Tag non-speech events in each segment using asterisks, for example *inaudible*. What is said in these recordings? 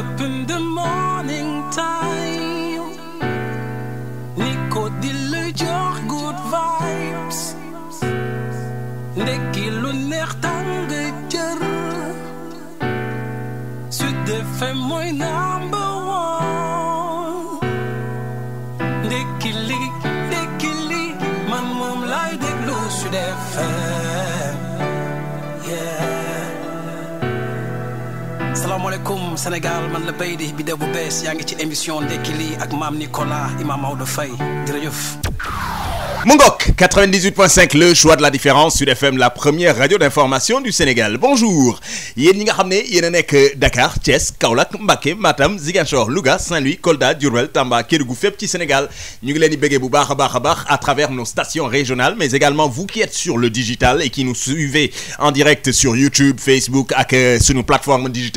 up in the morning time. Nico dille jox good vibes. Ndekki lu neex tàng jër. Sud FM mooy naa. Sénégal man la bay di bi bu bees yaa ngi ci émission ndekki lii ak maam Nicolas Imam Maodo Faye jërëjëf mu ngook 98.5 le choix de la différence Sud FM la première radio ñi nga xam ne yéen a nekk Dakar Thiès Kaolack Mbacké Matam Ziguinchor Louga Saint-Louis Kolda Diourbel Tamba Kédougou fépp ci Sénégal ñu ngi leen di béggee bu baax a baax baax à travers nos stations régionales mais également vous qui êtes sur le digital et qui nous suivez en direct sur YouTube Facebook ak euh, suñu leen di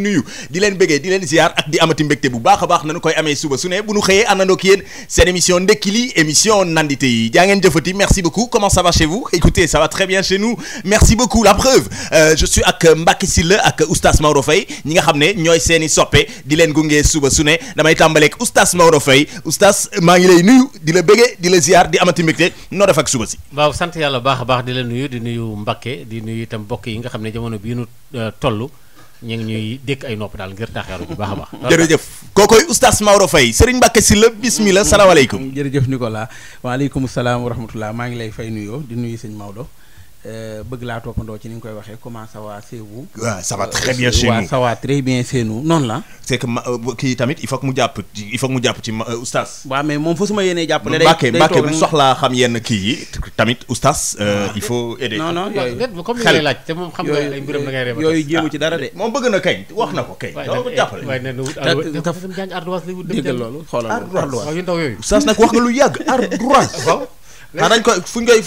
nuyu di leen béggee di leen ziar ak di amati mbégte bu a baax amee suba su ne bu ñu xëyee àndandoo ak yéen seen émission ndekki yi jaa ngeen jëfati merci beaucoup comment ça va chez vous écoutez ça va très bien chez nous merci beaucoup la preuve euh, je suis ak Mbacké Sylla ak oustaz Maodo Faye ñi nga xam ne ñooy seeni soppe di leen gunge suba su ne damay tàmbaleeg oustaz Maodo fay oustaz maa ngi lay nuyu di la bëggee di la ziar di amati mbégte noo def ak suba si. waaw sant yàlla baax a baax di la nuyu di nuyu Mbacké di nuyu itam mbokk yi nga xam ne jamono bii nu euh, toll. ñu ngi ñuy dékk ay nopp daal ngir taxeeru bu baax a baax. jërëjëf kookoy oustaz Maodo fay Serigne Mbacke si la bismillah salaamaaleykum. jërëjëf Nicolas waaleykum salaam wa rahmatullah maa ngi lay fay nuyoo di nuyu sëñ Maodo. Euh, bëgg laa toppandoo ci ni nga koy waxee comment ça va chez vous. waaw euh, ça va très bien chez noonu la. c'est que ma euh, kii tamit il faut mu jàpp ci il faut que jàpp ci oustaz. waaw mais moom fa su ma yéenee jàppale. day day toog bu soxlaa xam yenn kii yi tamit oustaz. Ah. il faut aider. non non yooyu comme da ngay reew. yooyu ci ah. dara de. moom bëgg na kañ wax na ko kañ. waaw jàppale waaye nee na wut ardoise dégg loolu xoolal ardoise waaw yu ndaw yooyu oustaz nag wax nga lu yàgg ardoise *laughs* xanaa dañ koy fuñ koy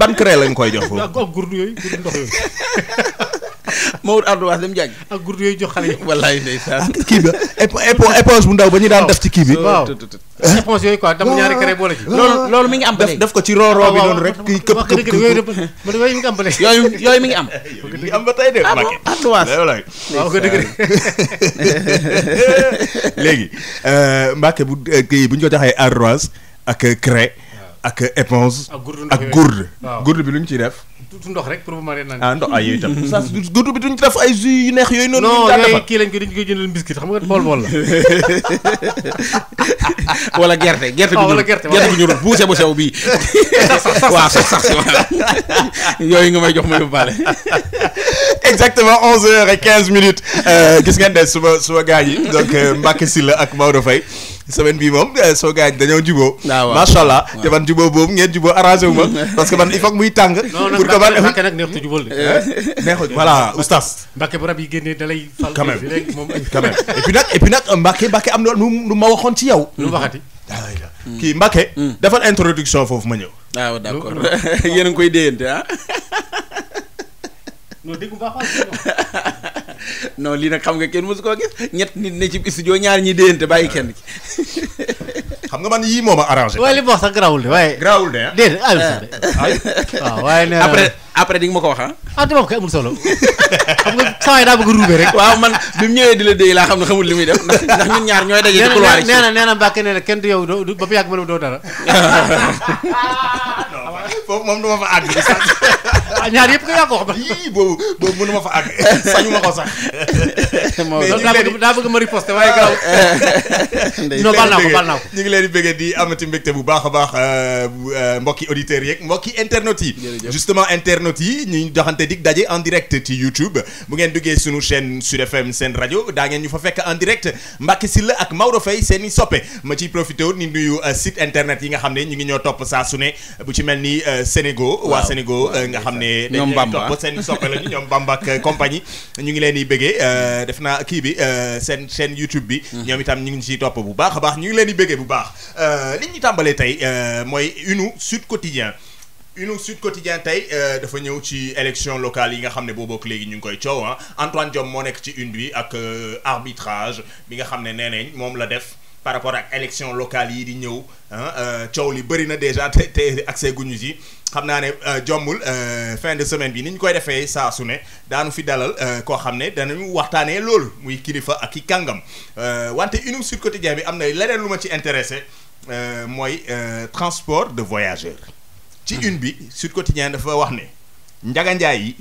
ban crée lañ koy jox foofu. *laughs* ak gurdu yooyu gurdu ndox yooyu. *laughs* Maodo Ardo dem jàng. ak gurdu yooyu jox xale yi. wallaay ndeysaan. *laughs* kii bi éponge bu ndaw ba ñu daan def ci kii bi. waaw éponge yooyu quoi dama ñaari crée boole ci. loolu loolu mi ngi am ba def ko ci rooroo bi noonu rek. kii këpp këpp yooyu mi ngi am ba léegi. yooyu yooyu mi ngi am. mi ngi euh, bu euh, kii bu ñu ko joxee ardoise ak crée ak éponge. ak gourde gourde bi lu ñu ciy def. tuuti ndox rek pour mu mën naan. ah ndox ay ah, yooyu tam. saa bi duñ ci def ay jus yu neex yooyu. noonu ñu daan kii lañ ko ñu koy jëndal biscuit xam nga bool bool la. *laughs* wala gerte gerte gu ah, ñuul gerte gu ñuul buuse bu sew bii. sax *laughs* sax sax waaw yooyu nga may jox ma yóbbaale. *laughs* exactement onze heures et quinze minutes euh, gis ngeen de suma suma gars yi donc euh, Mbacke Sylla ak Maodo Faye. semaine bii moom eh, soo gars dañoo jubóo. Ah, waaw macha allah ah. te man jubóo boobu ngeen jubóo arrangé wu ma. *laughs* parce que man il faut que muy tàng. pour que man Mbacke nag neexut a eh, Mbacke bu rab yi génnee da lay. fal quand même *laughs* *laughs* quand nag et puis nag Mbacke Mbacke am na ma waxoon ci yow. lu waxati. kii Mbacke. Hmm. Hmm. defal introduction foofu ma ñëw. waaw ah, d'accord ngi koy déyante ah. *laughs* non lii nag xam nga kenn mosu koo gis ñett nit na ci studio ñaar ñi déyante bàyyi kenn ci *laughs* xam nga man yii moo ma arrangé. waaye li mu wax sax garaawul de waaye. garaawul de ah déedéet de. *laughs* Ah waaw waaye nee après après di nga ma ko wax ah. ah dama solo xam nga saa daa bëgg ruube rek. waaw man bi ñëwee di la déy laa xam ne xamul li muy def ndax ñun ñaar ñooy daje. di couloir yi nee na nee na kenn di yow doo ba mu yàgg ma ne doo dara. foofu moom duma fa àgg. waaw *laughs* ah, ñaar yëpp nga yaa ko wax. yii boobu boobu mënuma fa àgg *laughs* sañu ma ko sax. *laughs* *laughs* mais daa bëgg ma riposte waaye ah. gaaw. *laughs* non baal naa ko baal naa ko. bëggee di amati mbégte bu baax a baax euh, euh, mbokki auditeurs yeeg mbokki internautes yi. justement internautes yi ñu joxante dig daje en direct ci YouTube bu ngeen duggee sunu chaîne Sud FM seen rajo daa ngeen ñu fa fekk en direct si la ak Maodo fay seeni soppe ma ci profité ni nuyu euh, site internet yi nga xam ne ñu ngi ñoo topp saa sune bu ci mel ni Sénégal waa Sénégal nga xam ne. ñoom Bamba topp seen i soppe lañu ñoom Bamba ak compagnie ñu ngi leen di bëggee def na naa kii bi euh, seen chaîne YouTube bi. Mm-hmm. ñoom itam ñu ngi ciy topp bu baax a baax ñu ngi leen di bëggee bu baax euh, li ñu tàmbalee tey euh, mooy une Sud Quotidien. une Sud Quotidien tey dafa ñëw ci élection locale yi nga xam ne boobook léegi ñu ngi koy coow ah Antoine Diome moo nekk ci une bi ak arbitrage bi nga xam ne nee nañ moom la def. par rapport ak élection locale yi di ñëw euh, coow li bëri na déjà te te ak see guñu yi xam naa ne euh, jombul euh, fin de semaine bi ni ñu koy defee saa su ne daanu fi dalal koo xam ne danañu waxtaanee loolu muy kilifa ak i kàngam wante une sur quotidien bi am na leneen lu ma ci intéressé mooy transport de voyageurs. ci mhm. une bi sur quotidien dafa wax ne njaganjaay yi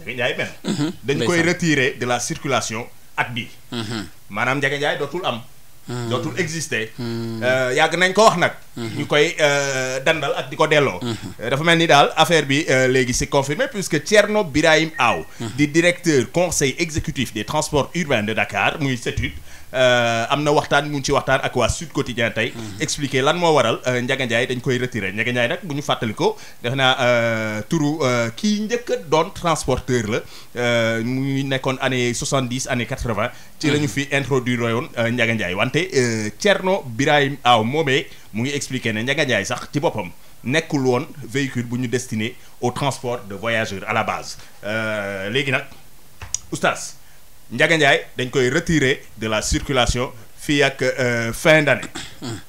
njaganjaay benn mhm. dañ koy retirer de la circulation at bi mhm. maanaam njaganjaay dootul am Hmm. dootul existe hmm. euh, yàgg nañ ko wax nag. Hmm. ñu koy euh, dandal ak di ko delloo. Euh, dafa mel ni daal affaire bi léegi c'est confirmé puisque Thierno Birahim Aw. di directeur conseil exécutif des transport urbains de Dakar muy CETUD. Euh, am na waxtaan mu ngi ci waxtaan ak waa Sud Quotidien tey mhm. expliquer lan moo waral euh, Ndiaga Ndiaye dañ koy retiré Ndiaga Ndiaye nag bu ñu fàttali ko def naa euh, turu kii njëkk doon transporteur la muy nekkoon année 70 année 80 ci lañu mhm. fi introduire woon Ndiaga Ndiaye wante Thierno Birahim Aw moomee mu ngi expliquer ne Ndiaga sax ci boppam nekkul woon véhicule bu ñu destiné au transport de voyageurs à la base léegi nag oustaz Ndiaga Ndiaye dañ koy retirer de la circulation fii ak euh, fin d'année.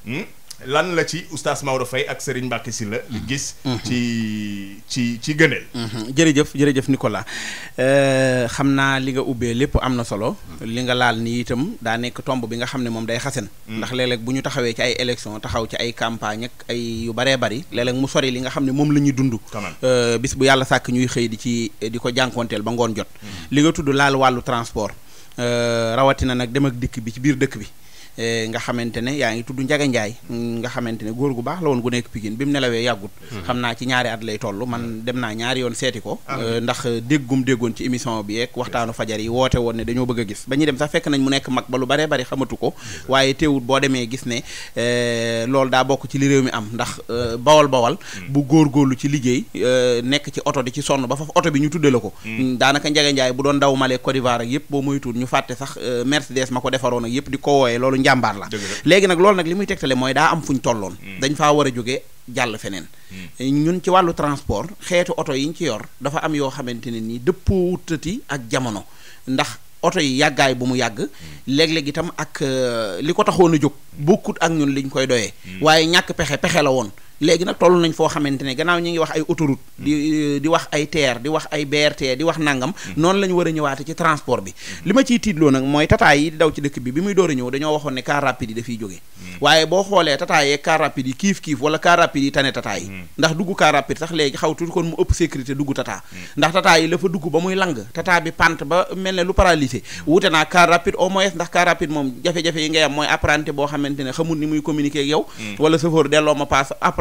Hmm? lan la ci oustaz Maodo Faye ak Serigne Mbacké la li mhm. gis mhm. ci ci ci gëneel mhm. jërëjëf jërëjëf Nicolas euh, xam naa li nga ubbee lépp am na solo li nga laal ni itam daa nekk tomb bi nga xam ne moom day xasen ndax léeg bu ñu taxawee ci ay élection taxaw ci ay campagne ak ay yu baree bari léeg mu sori li nga xam ne moom la ñuy dund euh, bis bu yàlla sàkk ñuy xëy di ci di ko jànkoonteel ba ngoon jot li nga tudd laal wàllu transport euh, rawatina nag dem ak dikk bi ci biir dëkk bi Eh, nga xamante ne yaa ngi tudd Njaga Njaay mm, nga xamante ne góor gu baax la woon gu nekk Pikine bi mu nelawee yàggut hmm. xam naa ci ñaari at lay toll man hmm. dem naa ñaari yoon seeti ko ah. eh, ndax déggum déggoon ci émission bi yeeg waxtaanu fajar yi woote woon ne dañoo bëgg a gis ba ñuy dem sax fekk nañ mu nekk mag ba lu baree bari xamatu ko hmm. waaye teewut boo demee gis ne eh, loolu daa bokk ci li réew mi am ndax bawal bawal bu góorgóorlu ci liggéey nekk ci oto di ci sonn ba fa oto bi ñu tudde la ko daanaka Njaga Njaay bu doon daw Mali Côte d'Ivoire ak yëpp boo moytuwul ñu fàtte sax Mercedes ma ko defaroon ak jàmbaar la léegi nag loolu nag li muy tegtale mooy daa am fu ñu tolloon hmm. dañ faa war a jóge jàll feneen hmm. eh, ñun ci wàllu transport xeetu oto yi ñu ci yor dafa am yoo xamante ne nii dëppoo wutati ak jamono ndax oto yi yàggaay bu mu yàgg hmm. léeg-léeg itam ak euh, li ko taxoon a jóg bokkut ak ñun liñ koy doyee waaye ñàkk pexe pexe la woon léegi nag toll nañ foo xamante ne gannaaw ñu ngi wax ay autoroute mm. euh, di wax ay TER di wax ay BRT di wax nangam mm. noonu la war a ñëwaate ci transport bi mm. li ma ciy tiitloo nag mooy tataay yi daw ci dëkk bi bi muy door a ñëw dañoo waxoon ne car rapide yi dafiy jógee waaye boo xoolee tataay yeeg car rapide yi kiif kiif wala car rapide yi tane tataay yi ndax dugg car rapide sax léegi xaw tuuti kon mu ëpp sécurité dugg tataa ndax tataa yi la fa dugg ba muy lang tataa bi pant ba mel ne lu paralysé wute naa ne xamul ni muy communiquer ak yow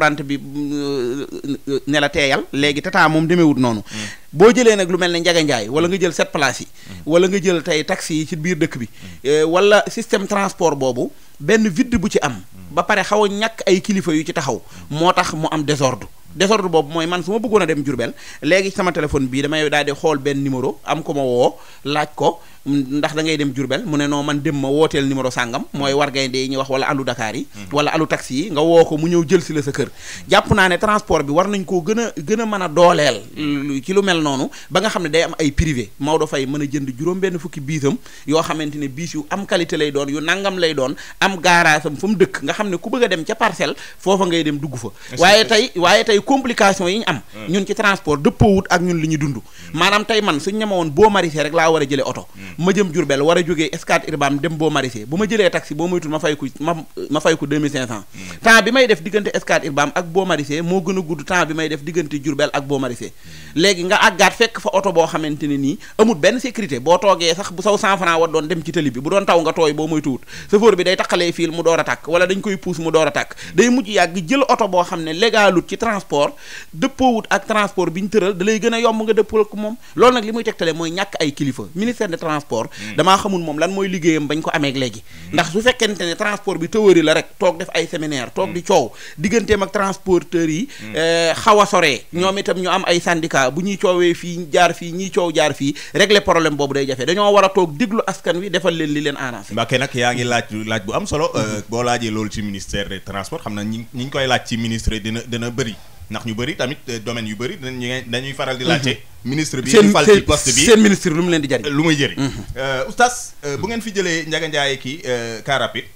plante bi euh, ne la teeyal léegi tata moom demeewut noonu mm. boo jëlee nag lu mel ne Njaga Njaay wala nga jël sept place yi mm. wala nga jël tey taxi yi ci biir dëkk bi mm. euh, wala système transport boobu benn vide bu ci am ba pare xaw a ñàkk ay kilifa yu ci taxaw moo tax mu am désordre désordre boobu mooy man su ma bëggoon a dem Jurbel léegi sama téléphone bii damay daal di xool benn numéro am ko ma woo laaj ko ndax da ngay dem jurubel mu ne noo man dem ma wooteel numéro sàngam mooy war gaynde yi ñuy wax wala alu Dakar yi mhm. wala alu taxi yi nga woo ko mu ñëw jël si la sa kër jàpp naa ne transport bi war nañ koo gën a gën a mën a dooleel ci lu mel noonu ba nga xam ne day am ay privé Maodo Faye mën a jënd juróom benn fukki biisam yoo xamante ne biis yu am qualité lay doon yu nangam lay doon am gaaraasam fu mu dëkk nga xam ne ku bëgg a dem ca parcelle foofa ngay dem dugg fa waaye tey waaye tey complication yi ñu am ñun ci transport dëppoowut ak ñun li ñu dund mm. maanaam tey man suñ ñama woon boo marisé rek laa war a jële oto mm. ma jëm Diourbel war a jógee Scat Urbam dem boo maraicher bu ma jëlee taxi boo moytul ma fay ko ma ma fay ko 2500 mm. temps bi may moo gën a temps bi may def diggante Diourbel ak boo maraicher mm. léegi nga àggaat fekk fa oto boo xamante ne nii amul benn sécurité boo toogee sax bu saw 100 doon dem ci tali bi bu doon taw nga tooy boo moytuwut chauffeur bi day taqalee fiil mu door a tàkk wala dañ koy puus mu door a tàkk mm. day mujj yàgg jël oto boo xam ne légalut ci transport dëppoowut ak transport bi ñu tëral da lay gën a yomb nga dëppoo ak moom loolu nag li muy tegtale mooy ñàkk ay kilifa ministère de transport transport damaa xamul moom lan mooy liggéeyam bañ ko amee léegi ndax su fekkente ne transport bi théorie la rek toog def ay séminaire toog di coow digganteem ak transporteurs yi mm. eh, xaw a soree ñoom itam ñu am ay syndicat bu ñuy coowee fii jaar fii ñiy coow jaar fii régler problème boobu day jafe dañoo war a toog diglu askan wi defal leen li leen arrangé Mbacké nag yaa ngi laaj laaj bu am solo mm-hmm. euh, boo laajee loolu ci ministère des transports xam na ñi ñi ñu koy laaj ci ministre dina dina bëri ndax ñu bëri tamit euh, domaine yu bëri dañuy faral di laajte mhm. ministre bi ñu fal ci poste bi seen ministre lu mu leen di jëriñ lu muy jëriñ mhm. euh, oustaz euh, bu ngeen fi jëlee Ndiaga Ndiaye kii car rapide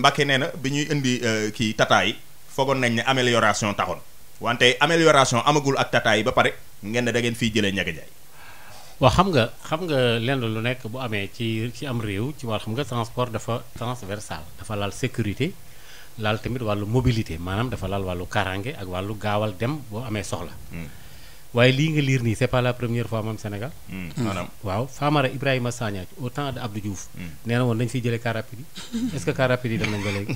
Mbacke nee na bi ñuy indi kii tata yi foogoon nañ ne amélioration taxoon wante amélioration amagul ak tata yi ba pare ngeen ne da ngeen fiy jëlee Ndiaga Ndiaye waaw xam nga xam nga lenn lu nekk bu amee ci ci am réew ci wàll xam nga transport dafa transversal dafa laal sécurité laal tamit wàllu mobilité maanaam dafa laal wàllu kaaraange ak wàllu gaawal dem boo amee soxla. Hmm. waaye lii nga liir nii c'est la première fois moom Sénégal. Hmm, hmm. waaw Famara Ibrahima Sagna au temps na woon dañu fiy jëlee car rapide yi est-ce que car rapide yi dem nañ ba léegi.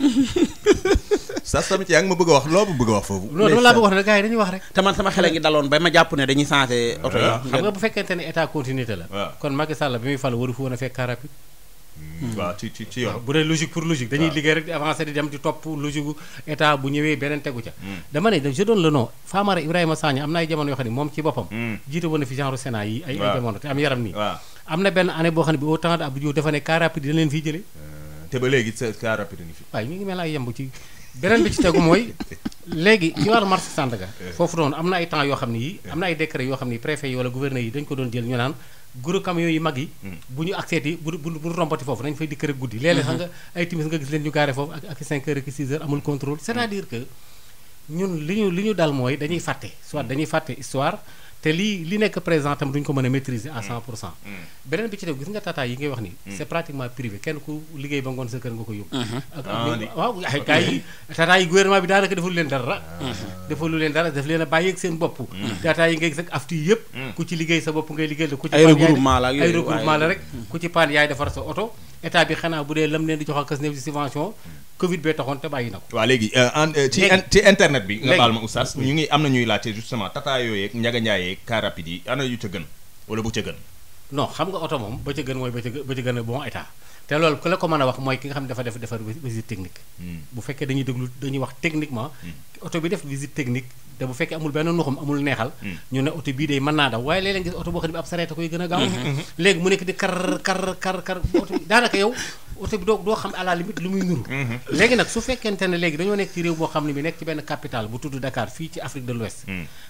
*laughs* sas tamit yaa ngi ma bëgg a wax loo bëgg a wax foofu. non dama laa bëgg wax ne gars yi dañuy wax rek. te man sama xel a ngi daloon ba ma jàpp ne dañuy changé. oto yi ah. xam nga bu fekkente ne état continuité la. Ah. kon Macky Sall bi muy fal waru fi woon a fekk car Hmm. waaw ci ci ci yoon bu dee logique pour logique dañuy liggéey rek di avancer di dem di topp logique gu état bu ñëwee beneen tegu ca hmm. dama ne je donne le nom Ibrahima Sagna am na ay jamono yoo xam ne moom ci boppam hmm. jiite woon na fi genre Sénat ne bi au temps de Abdou Diouf dafa ne car rapide dina leen fii jëlee euh, te ba léegi car rapide ngi waaye ñu ngi mel ay ci beneen bi ci tegu mooy *laughs* léegi ci wàllu marché Sandaga eh. foofu noonu am na ay temps yoo xam ne yi eh. am na ay décret yoo xam ne préfet yi wala gouverneur dañ ko doon jël ñu naan guro camion yu mag yi hmm. bu ñu acceeti bu bu bu rombati foofu nañ fay dikk rek guddi léeg-léeg xam nga hmm. ay timis nga gis leen ñu gaare foofu ak ak heures ak 6 heures amul contrôle c'est-à-dire que ñun li ñu li ñu dal mooy dañuy fàtte soit hmm. dañuy fàtte histoire te lii li nekk présent tam duñ ko mën a maîtriser à 100 mm. pour cent mm. beneen bi ci def gis nga tata yi ngay wax ni mm. c'est pratiquement privé kenn ku liggéey ba ngoon sa nga ko yóbbu uh-huh. ah, waaw gaa yi tata yi gouvernement bi daanaka defalu leen dara ah. defalu leen dara daf leen a bàyyi ak seen bopp tata yi ngay gis ak aftu yëpp ku ci liggéey sa bopp ngay liggéey la ku ci paan yaay defar sa oto état bi xanaa bu dee lam leen di jox ak kas néew ci subvention Covid bee taxoon te bàyyi na ko. léegi euh, euh, ci internet bi. nga baal ma oustaz ñu ngi am na ñuy laajte justement tata yooyee ak njaga njaayee car rapide yi yu ca gën wala bu ca xam nga oto moom ba mooy ba a bon état te loolu ku la ko mën a wax mooy ki nga xam ne dafa def defar visite technique. Hmm. bu fekkee dañuy déglu dañuy wax techniquement. Hmm. oto bi def visite technique te bu fekkee amul benn nuxum amul neexal hmm. ñu ne oto bii day mën naa daw waaye léeg gis oto boo xam ne bi ab sareet koy hmm. Hmm. *laughs* mu nekk di kar kar kar kar oto daanaka yow oto bi doo xam à la limite lu muy nuru léegi nag su fekkente ne léegi dañoo nekk ci réew boo xam ne bi nekk ci benn capitale bu tudd Dakar fii ci Afrique de l'Ouest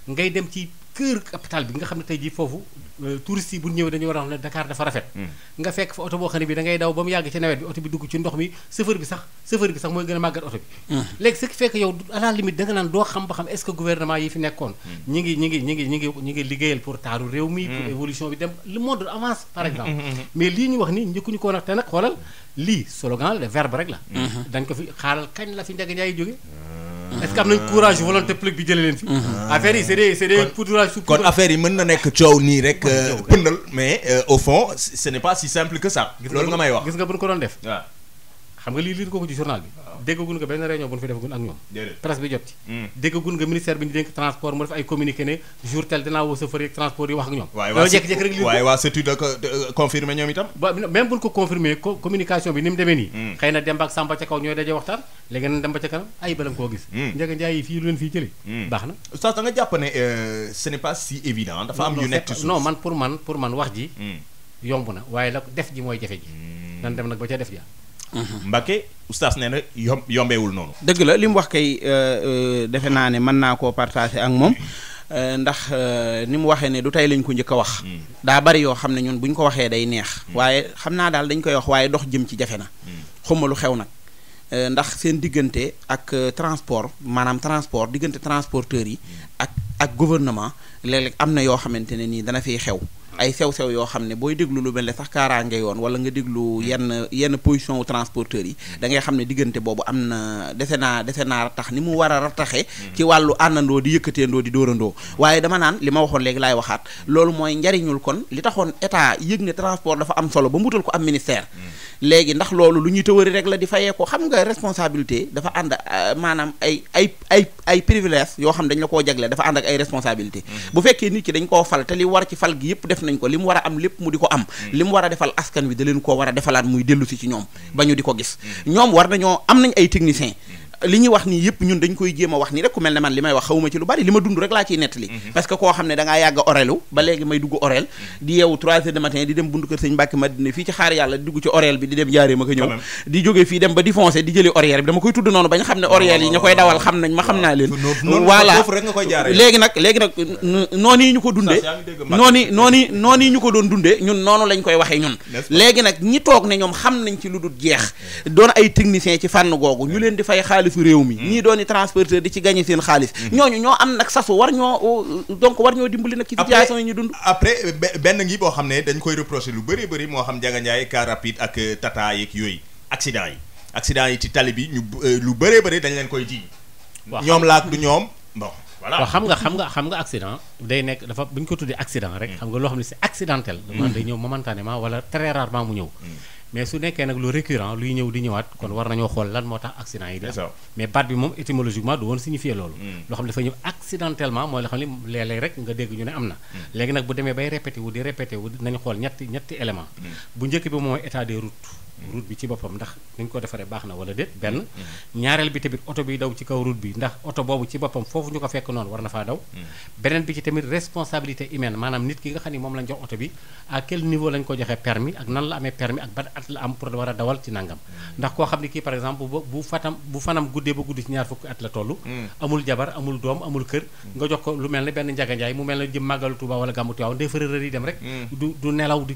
ngay dem ci kër capital bi nga xam ne tey jii foofu euh, touristes yi bu ñëwee dañu war a wax ne Dakar dafa rafet hmm. nga fekk fa oto boo xam bi da daw ba mu yàgg ci nawet bi oto bi dugg ci ndox mi chauffeur bi sax chauffeur bi sax mooy gën a màggat oto bi hmm. léegi ce qui fait yow à la limite naan doo xam ba xam hmm. bi dem le exemple mais lii ñu wax ni njëkkuñu ko nag te nag xoolal lii slogan la de verbe rek la dañ ko fi xaaral kañ la fi ndeg njaay jóge na ce que am nañ courage volonté publique bi jëlee leen fi. Ah. affaire yi c'est des c'est des poudrage sous. kon affaire yi mën na nekk coow nii rek. Euh, pëndal mais euh, au fond ce n'est pas si simple que ça. loolu nga may wax gis nga bu ko doon def. waaw xam nga lii lii ko ko ci journal bi. déggagun nga benn réunion bu ñu fi defagul ak ñoom presse bi jot ci hmm. déggagun nga ministère bi ñu dénk transport mu def ay communiqué ne jour tel dinaa woo chauffeur yi transport yi wax ak ñoom dañoo jékki-jékki rek li a ba même bu ñu ko confirmé communication bi ni hmm. ba ak Samba ca kaw ñooy daje waxtaan léegi nañ dem ba ca kanam hmm. njëkk njaay yi fii lu leen fii jëlee baax na oustaz da nga jàpp euh, ce n'est pas si évident dafa am yu nekk non man pour man pour man wax ji yomb na waaye la def ji mooy jafe ji nan dem nag ba ca def ja Mm-hmm. Mbacke oustaz nee na yom yombeewul noonu. dëgg la li mu wax kay euh, euh, defe naa ne mën naa koo partager ak moom. Euh, ndax ni mu waxee ne du tey lañ ko njëkk a wax. Mm. daa bari yoo xam ne ñun bu ñu ko waxee day neex. Mm. waaye xam naa daal dañ koy wax waaye dox jëm ci jafe na. Mm. xumalu xew nag ndax seen diggante ak transport maanaam transport diggante transporteurs yi. ak ak gouvernement léeg-léeg am na yoo xamante ne nii dana fiy xew. ay sew-sew yoo xam ne booy déglu lu mel ne sax kaaraange yoon wala nga déglu yenn yenn position wu transporteurs yi mm. da ngay xam ne diggante boobu am na dese naa dese naa ratax ni mu war a rataxe ci wàllu àndandoo di yëkkateendoo di dóorandoo waaye dama naan li ma waxoon léegi laay waxaat loolu mooy njariñul kon li taxoon état yëg ne transport dafa am solo ba mutal ko am ministère mm. léegi ndax loolu lu ñuy tëwëri rek la di fayee ko xam nga responsabilité dafa ànd euh, maanaam ay ay ay ay privilège yoo xam dañ la koo jagle dafa ànd ak ay nañ li mu war a am lépp mu di ko am mm. li mu war a defal askan wi da leen koo war a defalaat muy dellu si ci ñoom ba ñu di ko gis mm. ñoom war nañoo am nañ ay technicien mm. li ñu wax nii yëpp ñun dañ koy jéem a wax nii rek ku mel ne man li may wax xawuma ci lu bari li ma dund rek laa ciy nettali mhm. parce que koo xam ne da yàgg orelu ba léegi may dugg orel mhm. di yeewu 3 heures de matin di dem buntu kër sëñ Mbàkke Madina fii ci xaar yàlla di dugg ci orel bi di dem jaaree ma ko ñëw di jógee fii dem ba di di jëli orel bi dama koy tudd noonu bañ xam ne orel yi ña koy dawal xam nañ ma xam ko dundee noonu yi noonu yi noonu yi ko doon dundee ñun noonu lañ koy waxee ñun léegi nag ñi toog ne ñoom xam nañ ci lu dul jeex mm. doon ñu leen yëfu réew mi hmm. doon dooni transporteur di ci gagné seen xaalis hmm. ñooñu ñoo am nag sasu war ñoo donc war ñoo dimbali nag ci situation yi ñu dund après benn ngi boo xam ne dañ koy reproché lu bëree bëri moo xam Ndiaga Ndiaye car rapide ak euh, tata yeeg yooyu accident yi accident yi ci tali bi ñu euh, lu bëree bëri dañ leen koy ji ñoom laak du ñoom bon voilà waaw xam nga xam nga xam nga accident day nekk dafa bu ñu ko tuddee accident rek hmm. xam nga loo xam ne si accidentel man day ñëw momentanément wala très rarement mu ñëw mais su nekkee nag lu récurrent luy ñëw di ñëwaat kon war nañoo xool lan moo tax accident yi di am mais baat bi moom étymologiquement du woon signifier loolu hmm. loo xam ne dafa ñëw accidentellement mooy loo xam ne léeg-léeg rek nga dégg ñu ne am na hmm. léegi nag bu demee bay répété wu di répété wu nañu xool ñetti ñetti élément hmm. bu njëkk bi mooy état des routes route bi ci boppam ndax ni ñu ko defaree baax na wala déet benn mm-hmm. ñaareel bi tamit oto bi daw ci kaw route bi ndax oto boobu ci boppam foofu ñu ko fekk noonu war na faa daw mm-hmm. beneen bi ci tamit responsabilité humaine maanaam nit ki nga xam ne a mm-hmm. kii par exemple bu fanam guddee ba guddi ci ñaar fukki at la toll amul jabar amul doom amul kër nga jox ko lu mel ne benn njaganjaay mu mel ne jëm màggalu Tuuba wala gàmmu Tiwaawan day fërërër yi dem rek du du nelaw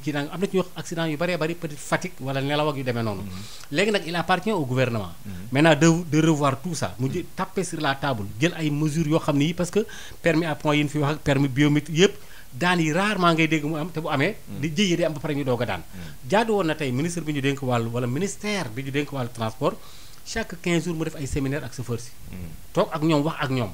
yu demee noonu. léegi nag il appartient au gouvernement. maintenant de de revoir tout ça mu tapé sur la table jël ay mesures yoo xam ne yi parce que permis à point yi ñu fi wax ak permis biométrique yëpp. daan yi rarement ngay dégg mu am te bu amee jëyee di am ba pare ñu doog a daan jaadu woon na tey ministre bi ñu dénk wàllu wala ministère bi ñu dénk wàllu transport chaque jours mu def ay séminaire ak chauffeur si toog ak ñoom wax ak ñoom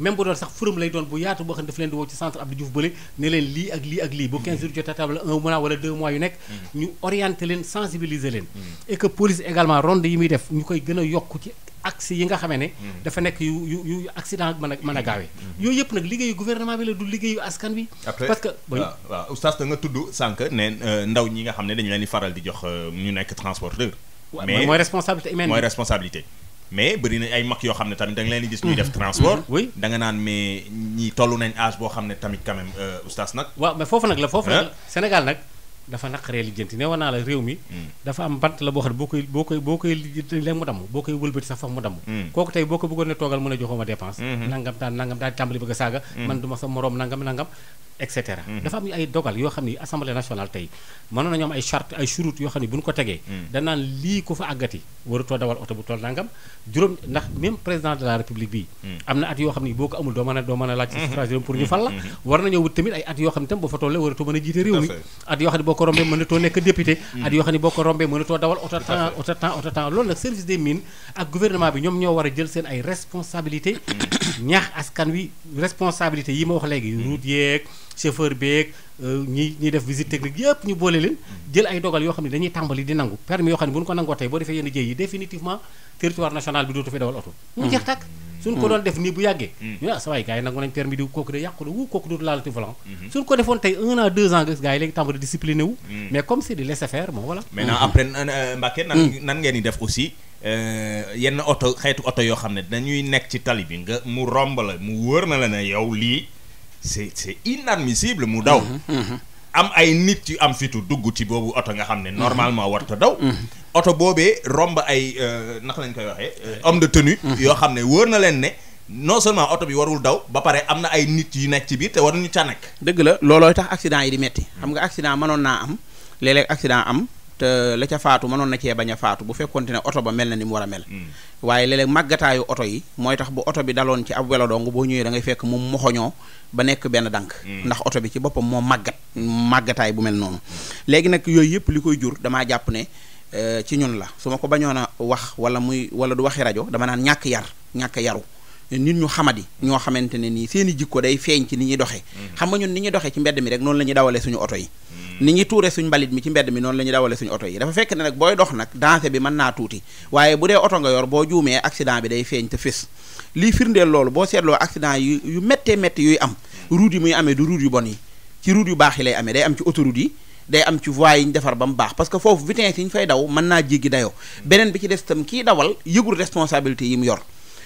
même bu doon sax forum lay doon bu yaatu boo xam ne daf leen di woo ci centre Abdou Diouf bële ne leen lii ak lii ak lii bu 15 jot jotee table un mois wala deux mois yu nekk mm-hmm. ñu orienté leen sensibiliser leen mm-hmm. et que police également ronde yi muy def ñu koy gën a yokk ci axe yi nga xamee ne mm-hmm. dafa nekk yu yu yu accident mën a a gaawee yooyu yëpp nag liggéeyu gouvernement bi la du liggéeyu askan bi parce que waaw oustaz da nga tudd sànq ne euh, ndaw ñi nga xam ne dañu leen di faral di jox euh, ñu nekk transporteur mais mooy responsabilité humaine mooy responsabilité mais bari nañ ay mag yoo xam ne tamit da nga leen di gis ñuy mm-hmm. def transport mm-hmm. oui da naan mais ñi toll nañ as boo xam ne tamit quand même euh, nag waaw mais foofu nag la foofu nag Sénégal nag dafa naqaree lijjanti ne woon naa la réew mi hmm. dafa am bant la boo xam ne boo hmm. ko hmm. a a amul doo mën a doo mën a laaj suffrage pour ñu fal la war nañoo wut tamit ay at yoo xam ne tam boo fa tollee waratoo mën a jiite réew mi at yoo xam ne ko rombee mënatoo nekk député hmm. at yoo xam ne boo ko rombee mënatoo dawal oto temps oto temps oto nag service des mines ak gouvernement bi ñoom ñoo war a jël seen ay responsabilité hmm. ñaax askan wi responsabilité yi ma wax léegi hmm. route yeeg chauffeur beeg euh, ñi ñiy def visite technique yëpp ñu boole leen jël ay dogal yoo xam ne dañuy tàmbali di nangu permis yoo xam ne bu ñu ko nangoo tey boo defee yenn jëy yi définitivement territoire national bi dootu fi dawal oto mu jeex tàkk suñ ko doon mm. def nii bu yàggee mm. ñu ah sa waay gars nañ permis di kooku de yàqu na wu kooku dootu laalati volant mm-hmm. suñ ko defoon tey un an deux ans nga gars yi léegi tàmbali discipliné wu mm. mais comme c'est de laisser faire bon voilà maintenant après euh, euh, Mbacké nan nan ngeen di def aussi euh, yenn oto xeetu oto yoo xam ne dañuy nekk ci tali bi nga mu romb la mu wóor na la ne yow lii c'est c'est inadmissible mu daw mm-hmm, mm-hmm. am ay nit yu am fitu dugg ci boobu oto nga xam ne mhm. normalement warta daw mhm. oto boobee romb ay euh, nax lañ koy waxee euh, eh. homme de tenue mhm. yoo xam ne wóor na leen ne non seulement oto bi warul daw ba pare am na ay nit yu nekk ci biir te war waruñu ca nekk dëgg la loolooy tax accident yi di metti xam nga accident mënoon naa am léeg-léeg am te la ca faatu manoon na cee bañ a faatu bu fekkonte ne oto ba mel na ni mu war a mel mm. waaye léeg-léeg màggataayu oto yi mooy tax bu oto bi daloon ci ab welo dong boo ñëwee dangay ngay fekk moom moxoñoo ba nekk benn dànk mm. ndax oto bi ci boppam moo màggat màggataay bu mel noonu léegi nag yooyu yëpp li koy jur damaa jàpp ne euh, ci ñun la su ko bañoon a wax wala muy wala du waxi rajo dama naan ñàkk yar ñàkk yaru nit ñu xamadi ñoo xamante ne nii seen i jikko day feeñ ci ni ñuy doxee mm. xam nga ñun ni ñuy doxee ci mbedd mi rek noonu la ñuy dawalee suñu oto yi ni ñi tuure suñ mbalit mi ci mbedd mi noonu lañu ñuy dawale suñ oto yi dafa fekk ne nag booy dox nag danger bi mën naa tuuti waaye bu dee oto nga yor boo juumee accident bi day feeñ te fis lii firndeel loolu boo seetloo accident yu yu méttee métti yuy am route yi muy amee du route yu bon yi ci route yu baax yi lay amee day am ci autoroute yi day am ci voie yi ñu defar ba mu baax parce que foofu vitesse yi ñu fay daw mën naa jéggi dayoo beneen bi ci des tam kii dawal yëgul responsabilité yi mu yor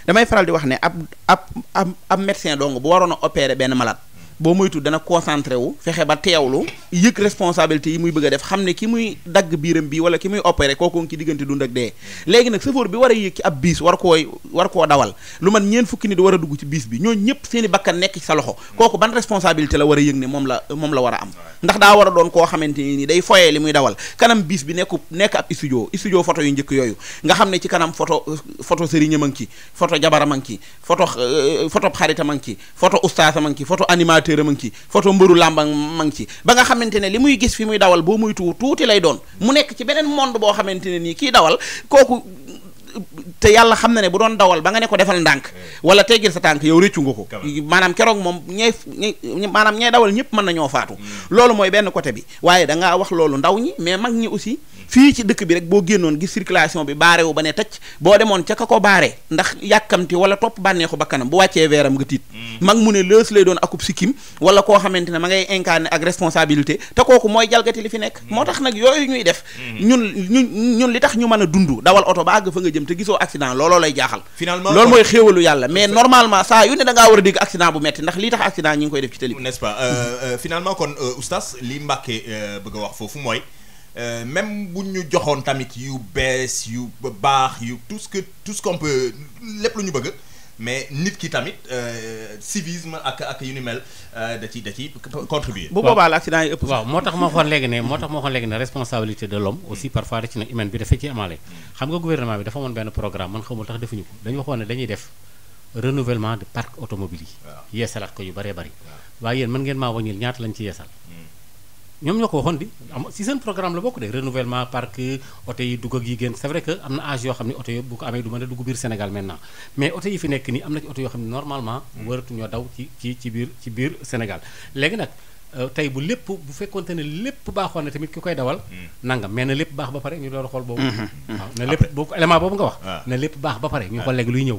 damay faral di wax ne ab ab ab ab dong bu waroon a benn malade boo moytu dana concentré wu fexe ba teewlu yëg responsabilité yi muy bëgg a def xam ne ki muy dagg biiram bi wala ki muy opéré kooku ci diggante dund ak dee léegi nag sëfoor bi war a yëg ci ab biis war koo dawal lu man ñeen fukki nit war a dugg ci biis bi ñoo ñëpp seen i bakkan nekk ci sa loxo kooku ban responsabilité la war a yëg ne moom la moom la war a am ndax daa war a doon koo xamante ni day foyee li muy dawal kanam biis bi nekku nekk yooyu nga xam ne ci kanam photo photo sëriñam a ngi ci photo jabaram a ngi euh, a a ngi affaire ma ngi ci photo mbëru làmba ma ngi ci ba nga xamante ne li muy gis fi muy dawal boo muy tuuti lay doon mu nekk ci beneen monde boo xamante ne nii kii dawal kooku te yàlla xam na ne bu doon dawal ba nga ne ko defal ndànk hmm. wala teggil sa tànk yow rëccu nga ko maanaam keroog moom ñay maanaam ñay dawal ñëpp mën nañoo faatu hmm. loolu mooy benn côté bi waaye dangaa wax loolu ndaw ñi mag hmm. bi rek boo génnoon gis circulation ba ne tëj boo demoon ca ka ko bu wàccee veeram nga tiit mag mu ne lës lay doon akub sikkim wala koo xamante ne ma ngay incarné ak responsabilité te kooku mooy jalgati li fi nekk moo tax nag yooyu ñuy def ñun ñun ñun li tax ñu mën a dund dawal oto ba àgg fa nga jëm te gisoo accident looloo lay jaaxal finalement loolu mooy xéewalu yàlla mais normalement saa yu ne da war a dégg accident bu metti ndax lii tax accident ñi ngi koy def ci tali nest pas euh, euh, finalement kon euh, oustaz li Mbàkke bëgg a wax foofu mooy même bu ñu joxoon tamit yu bees yu baax yu tous ce que tout ce qu'on peut lépp lu ñu bëgg mais nit ki tamit euh, civisme ak ak yu ni mel euh, da ci da ci bu boobaa la accident yi ëpp waaw moo tax ma waxoon léegi ne moo tax moo waxoon léegi ne responsabilité de l'homme aussi parfois rek ci ne humaine bi dafa ci amaale xam nga gouvernement bi dafa amoon benn programme man xamul tax defuñu ko dañu waxoon ne dañuy def renouvellement de parc automobile yi yeesalaat ko yu bëree bëri waaye yéen mën ngeen maa wañil ñaata lañ ci yeesal ñoom ñoo ko waxoon di am si seen programme la bokk de renouvellement parc oto yi dugg ak yi génn c'est vrai que am na âge yoo xam ne oto a dugg biir Sénégal maintenant ci oto yoo xam ne normalement waratuñoo daw ci ci ci biir Sénégal léegi nag euh, tey bu lépp bu fekkonte ne lépp baaxoon na tamit ki koy dawal hmm. nanga mais na lépp baax ba pare ñu door a xool boobu hmm. waaw na hmm. lépp boobu élément boobu nga wax ah. na lépp baax ba pare ñu ah. xool léegi luy ñëw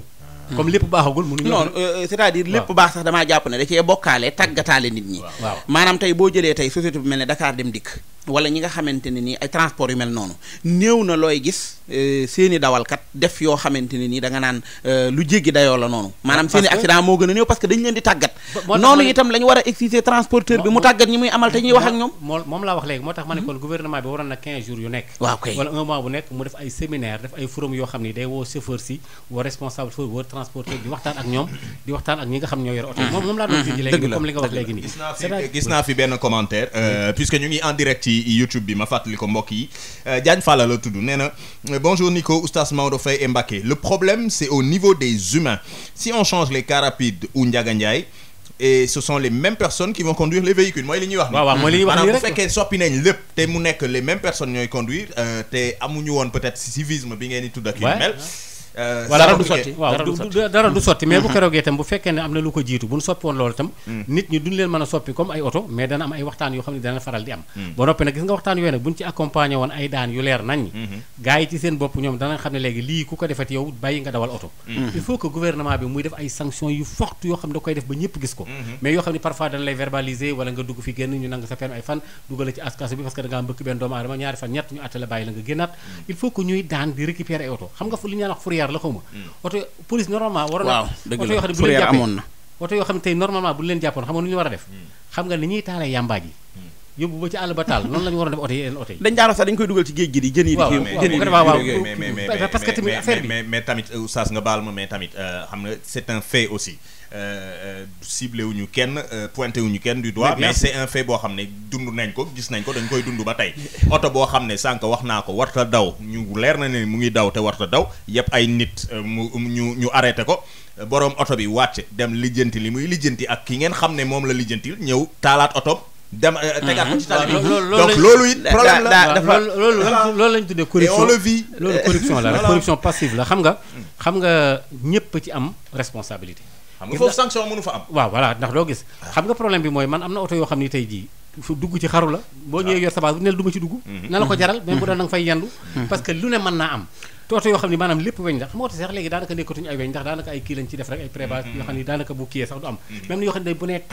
Mm. comme lépp baaxagul mënuñu non euh, c'est-à-dire lépp baax sax damaa jàpp ne da cee bokkaale tàggataale nit ñi maanaam tey boo jëlee tey société bu mel ne Dakar dem dikk wala ñi nga xamante ne nii ay transport yu mel noonu néew na looy gis Euh, seeni dawalkat def yoo xamante ne nii da nga naan euh, lu jéggi dayoo la noonu maanaam seeni accident moo gën a néew parce que dañ leen di tàggat noonu itam la war a exiger transporteur bi mu tàggat ñi muy amal te ñuy wax ak ñoom moom laa wax léegi moo hmm? hmm. doon hmm. tijji léegi comme nii gis naa fi benn commentaire euh, puisque ñu ngi en direct ci YouTube bi ma fàttali ko mbokk yi Diagne Falla la tudd nee Bonjour Nico, Oustaz Maodo Faye et Mbacké. Le problème, c'est au niveau des humains. Si on change les cars rapides ou Ndiaga Ndiaye et ce sont les mêmes personnes qui vont conduire les véhicules mooy li ñuy wax ni maanaam bu fekkee soppi nañ lépp te mu nekk les mêmes personnes ñooy conduire euh, te amuñu woon peut-être civisme bi ngeen di tudd ak yu mel Euh, dara du sotti mais mm. bu keroogee itam bu fekkee ne am na lu ko jiitu bu nu soppi loolu itam mm. nit ñi duñ leen mën a soppi comme ay oto mais mm. bu mm-hmm. mm-hmm. mm-hmm. ñu ci accompagné daan di récupérer ay oto xam nga fu li ñaan wax fourrière la xawma hmm. oto police normalement oto yoo xam ne bu leen jàppee oto xam nga nu ñu war a def hmm. xam nga ni ñuy taalee yàmbaaj yi yóbbu ba ci àll ba taal noonu la ñu waroon def oto yi yeneen oto yi dañ daara sax dañ koy dugal ci géej gi di jën yi di kii waaw parce que tamit affaire bi mais tamit euh, oustaz nga baal ma mais tamit euh, xam nga c'est un fait aussi euh, ciblé wuñu kenn pointé wuñu kenn du doigt mais c'est un fait boo xam ne dund nañ ko gis nañ ko dañ koy dund ba tey oto boo xam ne sànq wax naa ko warta daw ñu leer na ne mu ngi daw te warta daw yëpp ay nit mu ñu ñu arrêté ko boroom oto bi wàcce dem lijjanti li muy lijjanti ak ki ngeen xam ne moom la lijjantil ñëw taalaat oto dem euh, tegaat ko ci tali donc loolu la loolu loolu lañ tuddee corruption loolu corruption la corruption passive la xam nga mm. xam nga ñépp ci am responsabilité xam nga foofu sanction mënu fa am waaw voilà ndax doo gis ah. xam nga problème bi mooy man am na oto yoo xam ni tey jii dugg ci xarula boo ñëwee ah. yor sa baas bu ne la ci dugg mm-hmm. na la ko mm-hmm. jaral même bu dal mm-hmm. na fay yendu parce que lu ne mën naa am te oto yoo xam ne maanaam lépp weñ la xam nga oto sax léegi daanaka nekkatuñu ay weñ ndax daanaka ay kii lañ ci def rek ay mm-hmm. yoo xam ne daanaka bu kiyee sax du am mm-hmm. même na yoo xam ne bu mm-hmm.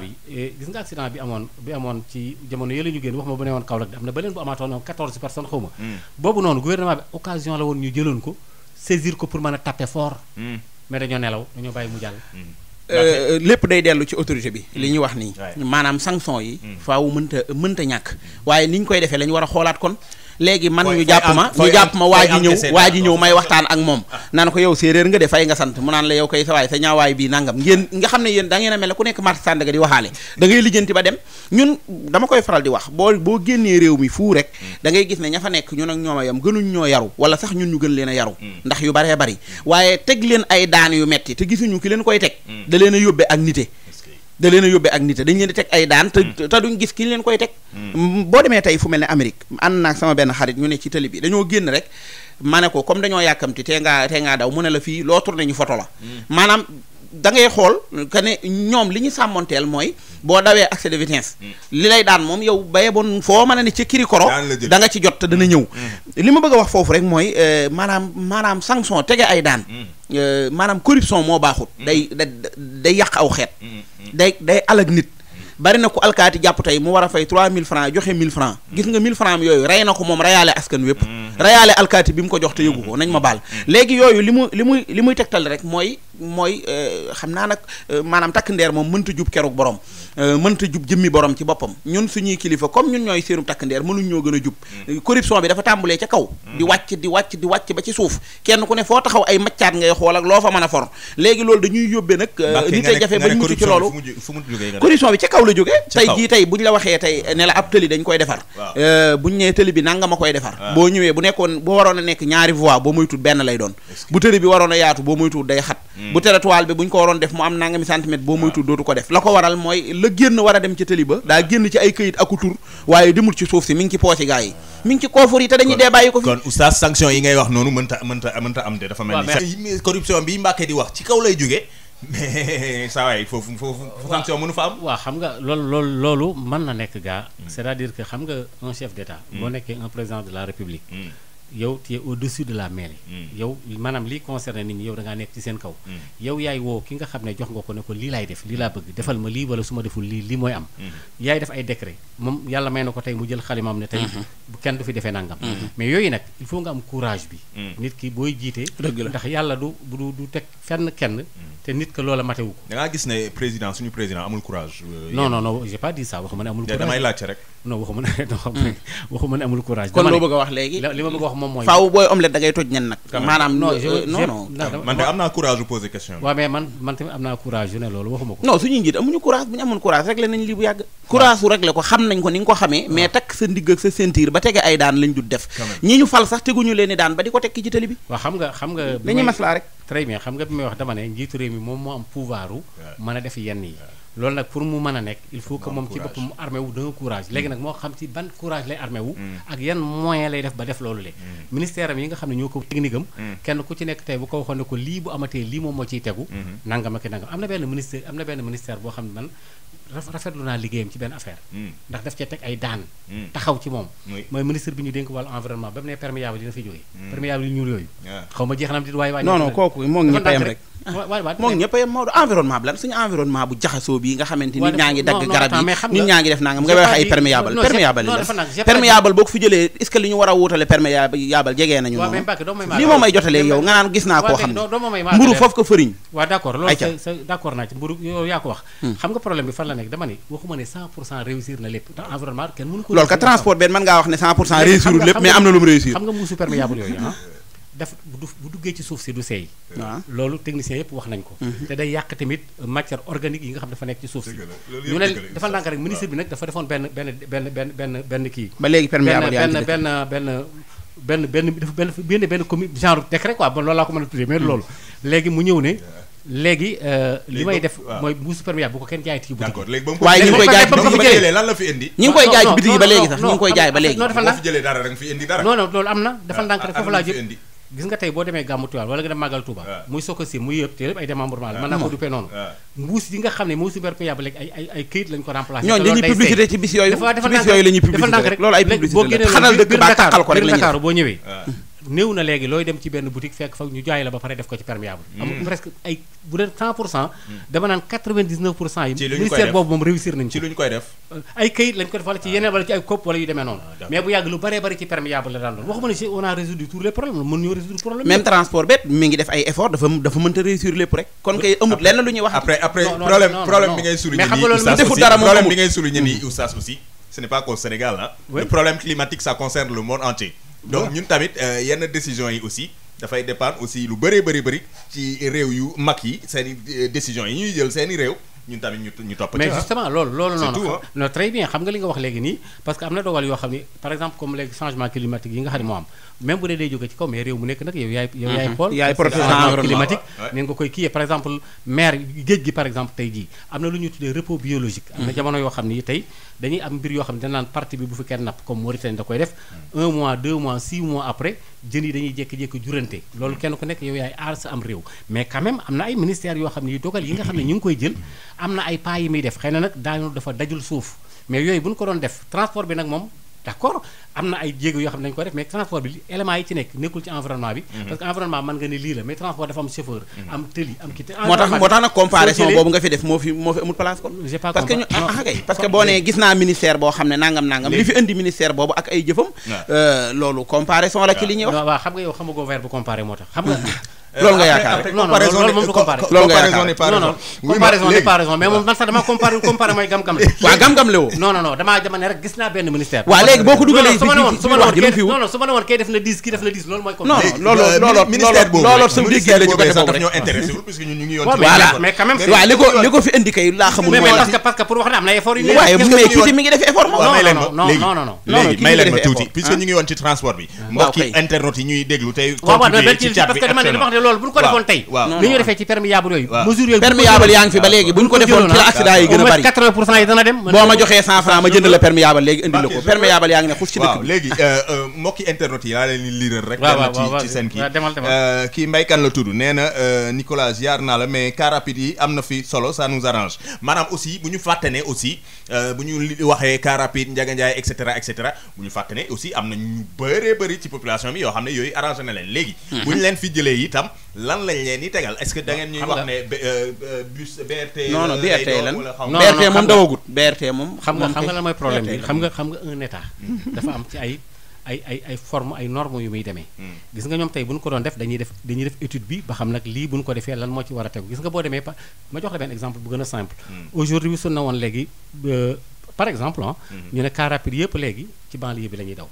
bi eh, gis nga accident bi amoon bi amoon ci jamono yële ñu génn wax ma bu ne woon Kaolack am na beneen bu amaatoon 14 personnes xaw ma boobu noonu gouvernement bi occasion la woon ñu jëloon ko saisir ko pour mën a taper fort mais dañoo nelaw dañoo bàyyi mu jàll Euh, euh, lépp day dellu ci autorité bi li ñuy wax nii maanaam sanction yi hmm. faaw mënta mënta ñàkk waaye ni ñu koy defee la ñu war a xoolaat kon léegi man ñu jàpp ma ñu jàpp ma waa ji ñëw waa ji ñëw may waxtaan ak moom naan ko yow séeréer nga de fay nga sant mu naan la yow koy sa waay sa ñaawaay bii nangam ngeen nga xam ne yéen da ngeen a mel ku nekk marché Sandaga di waxaale da ngay lijjanti ba dem ñun dama koy faral di wax boo boo génnee réew mi fuu rek mm. dangay gis ne ña fa nekk ñun ak ñoom yam gënuñ ñoo yaru wala sax ñun ñu gën leen a yaru mm. ndax yu baree bari waaye teg leen ay daan yu metti te gisuñu ki leen koy teg mm. da a yóbbe ak nite da leen a yóbbee ay daan te mm. gis ki leen koy teg mm. boo demee tey fu mel ne Amérique ànd naag sama benn xarit ñu ne ci télé bi dañoo génn rek ma ne ko comme dañoo yàkkamti tee ngaa tee ngaa daw mu ne la fii loo tourné ñu mm. da ngay xool que ne ñoom li ñu sàmmoon sàmmonteel mooy boo dawee accès de vitesse li lay daan moom yow baye bon foo mën ne ci kirikoro da nga ci jot te dana ñëw li ma bëgg a wax foofu rek mooy euh, maanaam maanaam sanction tege ay daan euh, maanaam corruption moo baaxut day day yàq aw xeet day day alag nit bari na ku alkaati jàpp tey mu war a fay mille francs joxe 1000 francs gis nga 1000 francs yooyu rey na ko moom reyaale askan wépp mm-hmm. reyaale alkaati bi mu ko jox te yëgu ko nañ ma baal mm-hmm. léegi yooyu li mu li muy li muy tegtal rek mooy mooy euh, xam naa nag euh, maanaam takk ndeer moom mënta jub kerug borom euh, mënta jub jëmmi borom ci boppam ñun suñuy kilifa comme ñun ñooy séenum takk ndeer mënuñoo gën a jub hmm. corruption bi dafa ca kaw hmm. wàcc di wàcc di wàcc ba ci suuf kenn ku ne foo taxaw ay maccaat ngay xool ak loo fa mën a for léegi loolu dañuy yóbbee nag nit ay jafe bañ mucc ci loolu corruption bi ca kaw la jógee tey jii tey ñu la waxee tey ne la ab tëli dañ koy defar bu nee bi nanga ma koy defar boo ñëwee bu nekkoon boo waroon a nekk ñaari voie boo moytuut benn lay doon bu tëli bi waroon a yaatu boo moytu day xat hmm. bu tere toile bi bu ñu ko waroon def mu am nangami centimètre boo moytu dootu ko def la ko waral mooy la génn war a dem ci tëli ba daa génn ci ay këyit aku tur waaye demul ci suuf si mi ngi ci poosi gaa yi mi ngi ci koofur yi te dañuy dee bàyyi ko fi kon oustaz yi ngay bi Mbàkke di wax ci kaw lay jóge mais *laughs* saa foofu foofu sanction mënu fa am waa xam nga loolu loolu loolu mën na nekk gaa hmm. c'est-à-dire que xam nga un chef d'état hmm. boo nekkee un président de la république hmm. yow tu es au-dessus de la mêlée. Hmm. yow maanaam li concerné nit ñi yow da ngaa nekk ci seen kaw. Hmm. yow yaay woo ki nga xam ne jox nga ko ne ko lii laay def lii laa bëgg defal ma lii wala su ma deful lii lii mooy am. Hmm. yaay def ay décret moom yàlla may na ko tey mu jël xalimaam ne tey. bu kenn du fi defee nangam. mais yooyu nag il faut nga am courage bi. nit ki booy jiite. ndax yàlla du du du teg fenn kenn. te nit que loola matewu ko. da gis ne président suñu président amul courage. Euh, non non non j'ai hmm. *laughs* waxuma ne amul. courage damay a li ma bëgg wax moom mooy. faaw booy omelette da toj nen nag. maanaam non euh, euh, non man am naa courage bu poser question. waaw mais man man tamit am naa courage yu ne loolu waxuma ko. non suñuy njiit amuñu courage bu ñu amoon courage rek la lii bu yàgg. courage su rek la ko xam nañ ko ni nga ko xamee mais ah. takk sa ndigg ak sa sentir ba tege ay daan lañ dul def ñi ñu fal sax teguñu leen daan ba di ko tekki ci tali bi waaw xam nga xam nga bi may wax dama ne njiitu réew mi moom moo am pouvoir u a def yenn yi loolu nag pour mu mën a nekk il faut que moom ci boppam mu armé wu courage mm. léegi nag moo xam ci ban courage lay armé mm. ak yan moyen lay def ba def loolu le mm. ministère yi nga xam ne ñoo ko mm-hmm. na benn ministère am na benn rafetlu naa liggéeyam ci benn affaire. Hmm. ndax daf cee teg ay daan. Hmm. taxaw ci moom. mooy ministre bi ñu dénk wàllu environnement ba mu ne perméable dina fi jógee. Hmm. perméable yu ñuul yooyu. Ah. xaw ma jeex na am di waay waay. non non kooku moo ngi ñu rek moom ñëpp yem Maodo environnement bi lan suñu environnement bu jaxasoo bii nga xamante nit ñaa ngi dagg garab yi nit ñaa ngi def nangam nga wax ay perméable perméable la perméable boo ko nga xam nga problème bi fan la nekk dama ne waxuma ne cent pour cent réussir lépp mais am na lu mu réussir daf bu duggee ci suuf si du seey. loolu technicien yëpp wax nañ ko. Mm-hmm. te day yàq tamit matière organique yi nga xam dafa nekk ci suuf si. ñu ne dafa lànk rek ministre bi nag dafa defoon benn benn benn benn benn benn kii. ba léegi perméable yaa benn benn benn benn benn dafa commu genre décret quoi bon loolu laa ko mën mm-hmm. léegi mu ñëw ne. Euh, léegi li may def mooy mbuusu perméable bu ko am na defal ah, ndànk rek ah, foofu laa jëm gis nga tey boo demee gàmmu Tiwaawan wala nga dem màggal Touba muy sokka si muy yëpp te lépp ay démembrement la mën naa ko duppee noonu mbuus yi nga xam ne moo superpayable ak ay ay ay këyit lañ ko remplacé ñooñu dañuy publicité ci bis yooyu dafa dafa ndànk rek loolu ay publicité la xanal ba tàqal ko rek la ñuy néew na léegi looy dem ci benn boutique fekk fa ñu jaay la ba pare def ko ci perméable. Mm. presque ay bu dee 100 pour cent. Mm. dama naan 99 pour cent yi. ci boobu moom réussir nañu ci lu ñu koy def. Euh, ay kayit lañ ko def wala ci ah. yeneen wala ci ay kopp wala yu demee noonu. Ah, mais bu yàgg lu baree bari ci perméable la daan doon waxuma ne si on a résolu tous les problèmes mën ñoo résoudre problème. même transport bett mi ngi def ay donc ñun tamit euh, yenn décision yi aussi dafay dépendre aussi lu bëree bëri bëri ci réew yu mag yi seen i euh, décision yi ñuy jël seen i réew ñun tamit ñu ñu topp mais justement loolu loolu noonu non très bien xam nga li nga wax léegi nii parce que am na dogal yoo xam ni par exemple comme léegi changement climatique yi nga xam ne moo am même bu dee day jóge ci kaw mais réew mu nekk nag yow yaay yow yaay mhm. xool yaay protège climatique ni nga koy kii par exemple mer géej gi par exemple tey jii am na lu ñuy tuddee repos biologique am na mhm. jamono yoo xam ne tey dañuy am mbir yoo xam ne dañ naan partie bi bu fi kenn napp comme Mauritanie da koy def mhm. après jën yi dañuy jékki jurante loolu kenn ku nekk yow yaay aar sa am réew mais quand am na ay ministères yoo xam ne yu dogal yi nga xam ne ñu ngi koy jël am na ay pas yi muy def xëy na nag daanu dafa dajul suuf mais yooyu bu ñu ko doon def transport bi nag moom d'accord am na ay jéego yoo xam ne ko def mais transport yi ci nekk nekkul ci environnement bi. Mhm. parce que environnement mën nga ne lii la mais transport dafa am chauffeur. Mhm. am tëli am naa ministère boo xam ne nangam nangam. li fi indi ministère boobu ak ay jëfam. Euh, loolu comparaison la ci li ñuy wax. waaw xam nga yow xamagoo verbe bu comparé moo tax xam nga. Mhm. Euh, loolu nga yaakaar rek non non loolu moom du comparé loolu nga yaakaar non non comparaison n'est pas raison mais moom man sax dama comparé comparé mooy gam-gam la waaw gam-gam la woo non non non damaa dama ne rek gis naa benn ministère waaw léegi boo ko dugalee su ma ne woon su ma ne woon non non su ma ne woon kay def na 10 kii def na 10 loolu mooy non loolu euh, loolu ministère boobu loolu su déggee la ci côté boobu rek ñoo intéressé wul puisque ñun ñu ngi yoon voilà mais quand même waaw li ko li ko fi indi kay laa xamul mais parce que parce que pour wax ne am na effort yu waaye mais kii mi ngi def effort moom non non non non léegi may leen ma tuuti puisque ñu ngi yoon ci transport bi mbokk yi internautes yi ñuy déglu tey loolu bu ñu ko defoon tey ni ñu defee ci fi ba léegi bu ñu ko defoon ci la accident yi gën a bari 80 pour cent yi dana dem boo ma joxee 100 francs ma jënd la la ko perméable yaa ngi ne xus euh, euh, ci dëkk euh, la tudd na Nicolas mais car rapide yi am na fi solo ça nous maanaam aussi bu ñu fàtte ne aussi bu ñu waxee car rapide njaga njaay et cetera et cetera bu ñu fàtte ne aussi am na ñu bëree bëri ci population bi yoo xam ne yooyu arrangé na leen léegi hmm. bu ñu leen fi jëlee itam lan lañ leen di tegal est-ce que dangeen ngeen ñuy wax ne euh, euh, bus BRT. non non BRT lan BRT moom dawagut BRT moom. xam nga xam nga lan mooy xam nga xam nga un état. Mm. dafa am ci ay ay ay ay forme ay normes yu muy demee. Mm. gis nga ñoom tey bu ñu ko doon def dañuy def dañuy def étude bi ba xam nag lii bu ñu ko defee lan moo ci war a tegu gis nga boo demee pa ma jox la benn exemple bu gën a simple. Mm. aujourd'hui su na woon léegi euh, par exemple ah, ñu ne car rapide yëpp léegi ci banlieue bi la ñuy daw.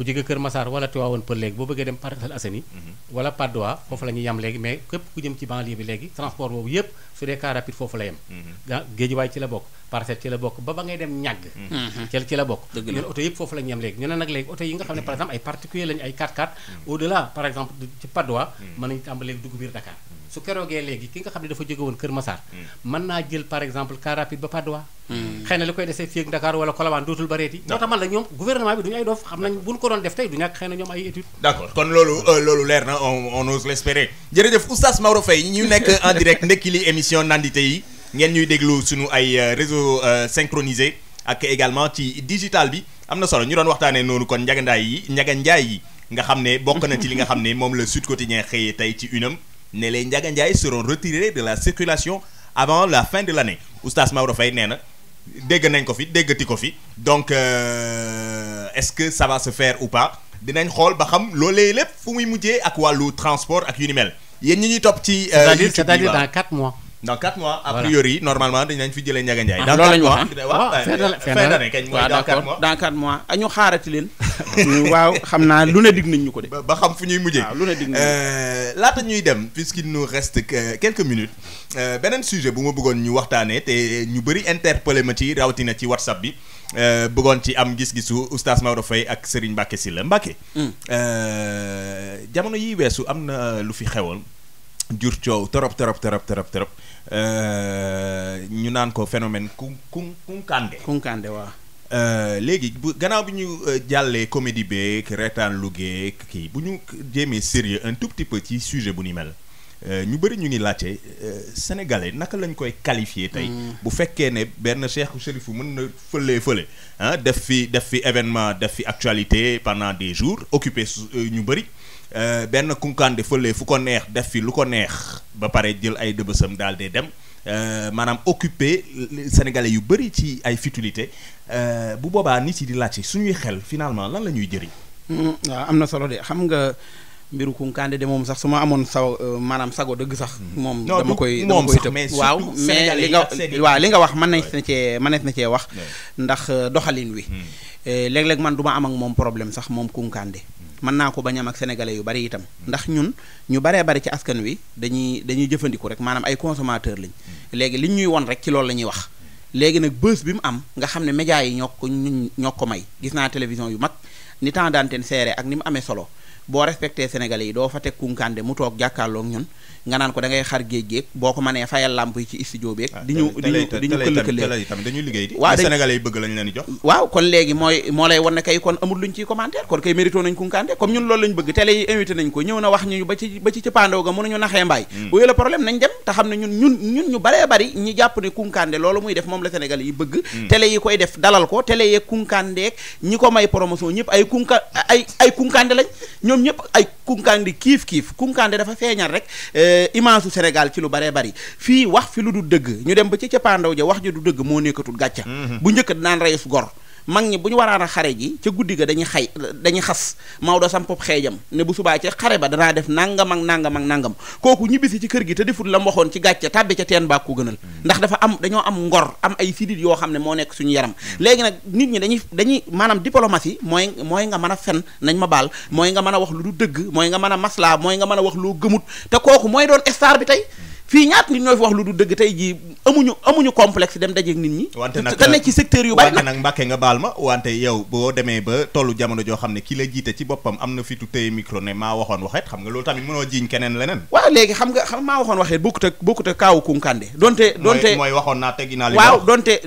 ku jóge Kër Massar wala Tivaouane Pël léegi boo bëggee dem Parcelles Assainies mhm. wala Patte d'Oie foofu la yam léegi mais képp ku jëm ci banlieue bi léegi transport boobu yépp su dee car rapide foofu la yem mhm. Géejawaay ci la bokk Parcelles ci la bokk ba ba ngay dem ñàgg mhm. ci la bokk ñun oto yépp foofu la ñu léegi ñu ne nag léegi oto yi nga xam ne par ay particulier lañu ay 4x4 par exemple ci Patte d'Oie mën nañu tàmbalee léegi ki nga xam Hmm. xëy na li koy desee fii ak Dakar wala Colobane dootul bareeti moo tax man la ñoom gouvernement bi du ay dof xam nañ buñ ko doon def tey du ñàkk xëy na ñoom ay étude d' kon euh, loolu leer na on on ose l' espérer jërëjëf oustaz Maodo Faye ñu nekk en direct ndekki li émission nandité yi ngeen ñuy déglu suñu ay euh, réseau euh, synchronisé ak également ci digital bi am na solo ñu doon waxtaanee noonu kon njagandaay yi njaganjaay yi nga xam ne bokk na ci li nga xam ne moom la Sud Quotidien xëyee tey ci unam ne les njaganjaay seront retirés de la circulation avant la fin de l' année oustaz Maodo Faye nee na dégg nañ ko fi déggati ko fi donc euh, est-ce que ça va faire ou pas dinañ xool ba xam loolee lépp fu muy mujjee ak wàllu transport ak yu ni yéen ñi ñu topp ci. Euh, YouTube c'est-à-dire dans 4 mois. dans 4 mois a priori normalement dinañ fi jëlee Ndiaga Ndiaye. ah loolu la ñu wax ah, ah dans 4 mois dans 4 ah, xaarati leen. *laughs* waaw xam naa lu ne dig nañ ñu ko de. ba xam fu ñuy mujjee. waaw lu ne dig euh, laata ñuy dem puisqu'il nous rest quelques minutes. Euh, beneen sujet bu ma bëggoon ñu waxtaanee te ñu bëri interpellé ma ci rawatina ci whatsapp bi euh, bëggoon ci am gis-gisu oustaz Maodo Faye ak Serigne Mbacke Sylla Mbacke. Mm. Euh, jamono yi weesu am na lu fi xewoon jur coow torop torop torop torop torop ñu naan ko phénomène ku ku kunkande. kunkande waaw. léegi bu gannaaw bi ñu jàllee comédie beeg reetaan lu geeg kii bu ñu jéemee sérieux un tout petit ci sujet bu ni mel. Euh, ñu bëri ñu ngi laajte euh, sénégalais naka lañ koy qualifier tey. Mm. bu fekkee ne benn Cheikh Chérifou mën na fëlee fële ah def fi def fi événement def fi actualité pendant des jours occupé euh, ñu bëri. benn kunkande fële fu ko neex def fi lu ko neex ba pare jël ay dëbësam daal dee dem maanaam occupé sénégalais yu bëri ci ay futilité bu boobaa nit yi di laajte suñuy xel finalement lan la ñuy jëriñ. Mm, waaw am na solo de xam nga. mbiru Kounkandé de moom sax su ma amoon saw euh, maanaam sago dëgg sax. Hmm. moom dama koy dama koy tëb waaw mais li nga waaw li nga wax mën nañ na cee mën nañ na cee wax. ndax euh, doxalin wi. Hmm. Euh, léeg-léeg man du ma am ak moom problème sax moom Kounkandé. Hmm. mën naa ko bañ am ak sénégalais yu bari itam ndax ñun ñu baree bari ci askan wi dañuy dañuy jëfandiku rek maanaam ay consommateur lañ. léegi liñ ñuy won rek ci loolu la ñuy wax. léegi nag bës bi mu am nga xam ne médias yi ñoo ko ñoo ko may gis naa télévision yu mag ni temps d'antenne seere ak ni mu amee solo. boo respecté sénégalais yi doo fa teg kunkande mu toog jàkkaarloog ñun nga naan ko da ngay xar géej géeg boo ko mënee fayal làmp yi ci studio beeg ah, di ñu di ñu di ñu këlëkëlee tamit yi bëgg waaw kon léegi mooy moo lay wan ne kay kon amul luñ ciy commentaire kon kay mérito nañ kunkante ñun loolu lañ bëgg télé yi invité nañ ko ñëw na wax ñu ba ci ba ci ci pandaw ga naxee mbaay hmm. bu la problème nañ dem te xam ne ñun ñu baree bari ñi jàpp ne kunkande loolu muy def moom la sénégalais yi bëgg hmm. télé yi koy def dalal ko télé yeeg kunkandeeg ñi ko may ñëpp ay kunka ay ay kunkande lañ ñoom ñëpp ay kunkande kiif kiif Euh, image su Sénégal ci lu baree bari fii wax fi lu dul dëgg ñu dem ba ca cappaandaw ja wax ja du dëgg moo nekkatul gàcca mhm. bu njëkk dinaan reyus gor mag ñi bu ñu waraan a xare ji ca guddi ga dañuy xay dañuy xas Maodo sampop xeejam ne bu subaa ca xare ba danaa def nangam ak nangam ak nangam kooku ñibbisi ci kër gi te defut la mu waxoon ci gàcce tàbbi ca teen baa ko gënal ndax dafa am dañoo am ngor am ay sidit yoo xam ne moo nekk suñu yaram léegi nag nit ñi dañuy dañuy maanaam diplomatie mooy mooy nga mën a fen nañ ma baal mooy nga mën a wax lu du dëgg mooy nga mën a maslaa mooy nga mën a wax loo gëmut te kooku mooy doon star bi tey fii ñaat nit ñoo lu du dëgg tey jii amuñu amuñu complexe dem dajeeg nit ñi te ne ci secteur yu bari nag nga baal ma wante yow boo demee ba joo xam ne ki la jiite ci boppam am na fitu téye micro ne maa waxoon waxeet xam nga loolu tamit mënoo jiiñ keneen leneen waaw léegi xam nga xam maa waxoon waxeet bokkut ak bokkut ak donte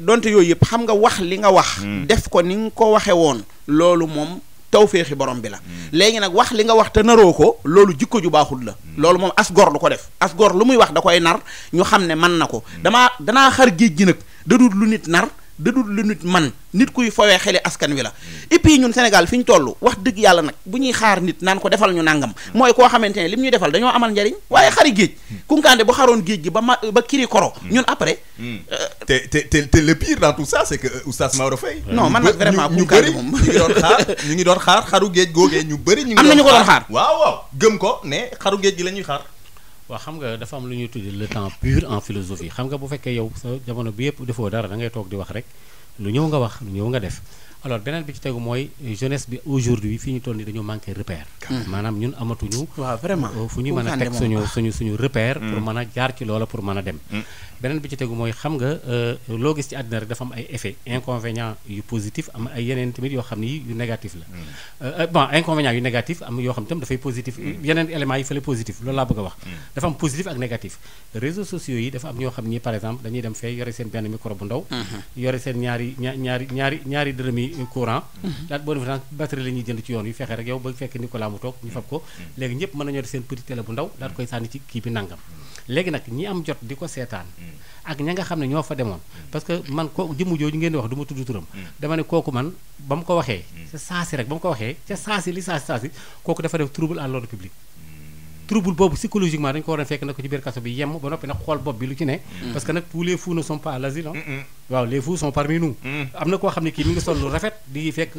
donte yooyu yëpp xam nga wax li nga wax hmm. def ko ni nga ko waxee woon loolu moom tawféexi borom bi la hmm. léegi nag wax li nga wax te naroo ko loolu jikko ju baaxul la hmm. loolu moom as gor du ko def as gor lu muy wax da koy nar ñu xam ne man na ko damaa danaa xar géej gi nag da lu nit nar da dul lu nit man nit kuy fowee xeli askan wi la et puis ñun Sénégal fi ñu toll wax dëgg yàlla nag bu ñuy xaar nit naan ko defal ñu nàngam hmm. mooy koo xamante ne lim ñuy defal dañoo amal njariñ waaye xari géej hmm. kunkaande bu xaroon géej gi ba ma ba kiri koro hmm. ñun après euh, te te te le pire dans tout ça c'est que euh, oustaz Maodo Faye non man nag vraiment kunkaande moom ñu ngi doon xaar xaru géej googee ñu bëri ñu *laughs* ngi am nañu ko doon xaar waaw waaw gëm ko ne xaru géej gi la ñuy xaar waaw xam nga dafa am lu ñuy tudde le temps pur en philosophie xam nga bu fekkee yow sa jamono bi yëpp defoo dara dangay toog di wax rek lu ñëw nga wax lu ñëw nga def alors beneen bi ci tegu mooy jeunesse bi aujourd'hui fi ñu toll ni dañoo manqué repère maanaam ñun amatuñu waaw vraiment euh, fu ñu mën a teg suñu suñu suñu repère pour hmm. mën a jaar ci loola pour mën a dem hmm. beneen bi ci mooy xam nga euh, loo gis ci àddina rek dafa am ay effet inconvénient yu positif am ay yeneen tamit yoo xam ni yu négatif la hmm. euh, euh, bon inconvénient yu négatif am yoo xam ne tam dafay positif hmm. yeneen éléments yi fële positif loolu laa bëgg a wax hmm. dafa am positif ak négatif réseaux sociaux yi dafa am ñoo xam ni par exemple dañuy dem fee yore seen benn micro bu ndaw yore seen ñaari ñaari ñaari ñaari dërëmi courant daal boo defee batterie la ñuy jënd ci yoon yu fexe rek yow ba fekk Nicolas mu toog ñu fab ko léegi ñëpp mën nañoo def seen petit télé bu ndaw daal koy sànni ci kii bi nangam am jot di ko seetaan ak ña nga xam ne ñoo fa demoon parce que man ko jëmm jooju ngeen di wax du ma turam dama ne kooku man ba mu ko waxee ca saasi rek ba mu ko waxee ca saasi li saasi saasi kooku dafa def trouble à l'ordre public trouble boobu psychologiquement dañu ko war a fekk na ko ci biir kaso bi yem ba noppi nag xool bopp bi lu ci ne parce que nag tous les fous ne sont pas à l'asile waaw les fous sont parmi nous am na koo xam ne kii mi ngi sol lu rafet di leen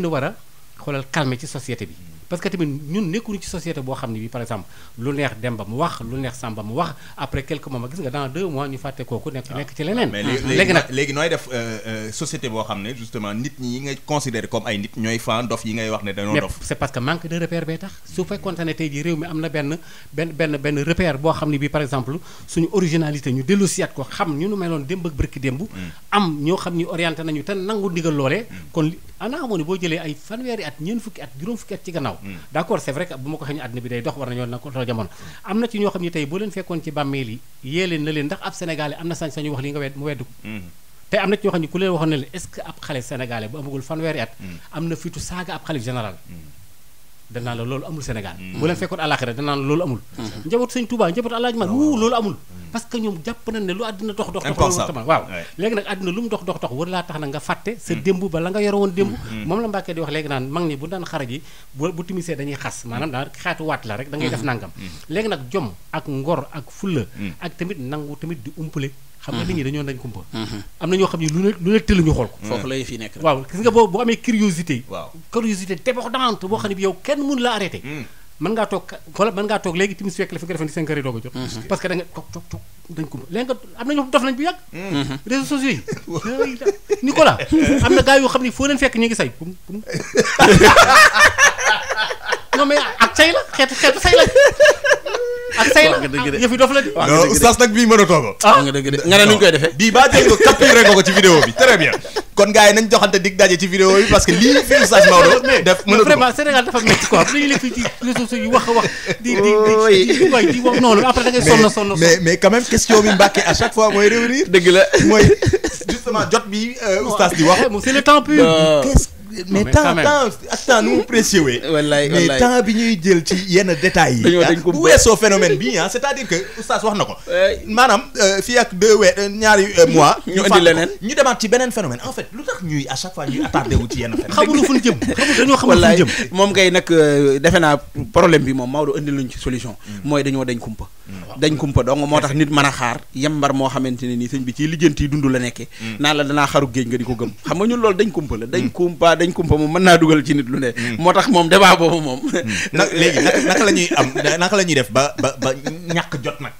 di war a xoolal calmer ci société bi parce que tamit ñun nekkuñu ci société boo xam ne bi par exemple lu neex Demba mu wax lu neex Samba mu wax après quelques moments gis nga dans deux mois ñu fàtte kooku nekk ah. nekk ci leneen ah. léegi nag léegi nooy def euh, euh, société boo xam ne justement nit ñi nga considéré comme ay nit ñooy fan dof yi ngay wax ne dañoo dof c'est parce que manque de repère bay tax su fekkoon ne tey ji réew mi am na benn benn benn benn repère boo xam ne bi par exemple suñu originalité ñu dellusiwaat ko xam ñu nu meloon démb ak bërki démb hmm. am ñoo xam ni orienté nañu te nangu ndigal loolee hmm. kon ana amoon ni boo jëlee ay fanweeri at ñeent fukki at juróom fukki at ci gannaaw Mm. d' accord c' est vrai que bu ma ko xëy ñu àddina bi day dox war nañoo na ko too jamono am na ci ñoo xam ne tey boo fekkoon ci bàmmeel yi yée leen na leen ndax ab sénégalais am na sañ-sañu wax li nga wedd mu weddu ko mm. te am na ci ñoo xam ne ku leen waxoon ne leen est ab xale sénégalais bu amagul fanweeri at mm. am na fitu saaga ab xalif général danaa la loolu amul Sénégal mm. bu leen fekkoon àllaaxira danaa la loolu amul mm-hmm. njaboot sëñ Touba njaboot àlaaji man wuu loolu amul mm-hmm. parce que ñoom jàpp nañ ne lu àddina dox dox dox waaw war laa tax na nga fàtte sa mm-hmm. démb ba la nga yore woon démb moom la Mbàkke di wax léegi naan mag ñi bu daan xara ji bu timisee dañuy xas maanaam daa xaatu waat la rek da ngay def nangam léegi nag jom ak ngor ak fulla ak tamit nangu tamit di umpale xam nga mhm. nit ñi dañ kumpa mhm. am na ñoo xam ne lu ne lu ne tëll ñu xool ko foofu la fi nekk waaw gis nga boo boo amee curiosité waaw curiosité débordante boo xam ne bi yow mhm. a jot parce toog toog toog dañ kumpa léegi am na ñoo xam dof nañ bu yàgg sociaux yi *laughs* Nicolas *laughs* am na gars yoo xam ne foo leen fekk ñu ngi say pum pum *laughs* non mais ak say la xeetu xeetu say la ak say la yëf yi dof la di. non nag bii mën a toogo ah. nga dëgg de nga ne nuñ koy defee. bii baa jël ko capturé ko ko ci vidéo bi très bien. kon gars nañ joxante dig daje ci vidéo yi parce que lii fi oustaz Maodo def mën a vraiment Sénégal dafa métti ci réseaux sociaux wax wax. di di di di wax noonu après ngay sonn sonn. mais mais quand question bi Mbàkke à chaque fois mooy réunir. dëgg la mooy justement jot bi euh, oustaz di wax. c'est le mais temps temps ak temps nu mu précieux wallaay wallaay mais temps bi ñuy jël ci yenn détails yi. dañ ko ah, bu weesoo phénomène bi ah, à dire que oustaz wax na ko. maanaam euh, fii ak deux weer euh, ñaari euh, mois. ñu indi leneen ñu demaat ci beneen phénomène en fait lu tax ñuy à chaque fois ñuy attardé wu ci yenn phénomène. xamuñu fu jëm xamuñu dañoo jëm. moom kay nag defe naa problème bi moom Maodo indi luñ ci solution. Mm. mooy dañoo dañ kumpa. Mm. dañ kumpa dong moo tax nit man a xaar yembar moo xamante ne nii sëñ bi ci lijjanti dundu la nekke mm. naa la danaa xaru géej nga di ko gëm xam nga ñun loolu dañ kumpa la dañ mm. kumpa dañ kumpa moom mën naa dugal ci nit lu ne mm. moo tax moom débat boobu moom nag *laughs* léegi naka la ñuy am naka la ñuy def ba ba ba ñàkk jot nag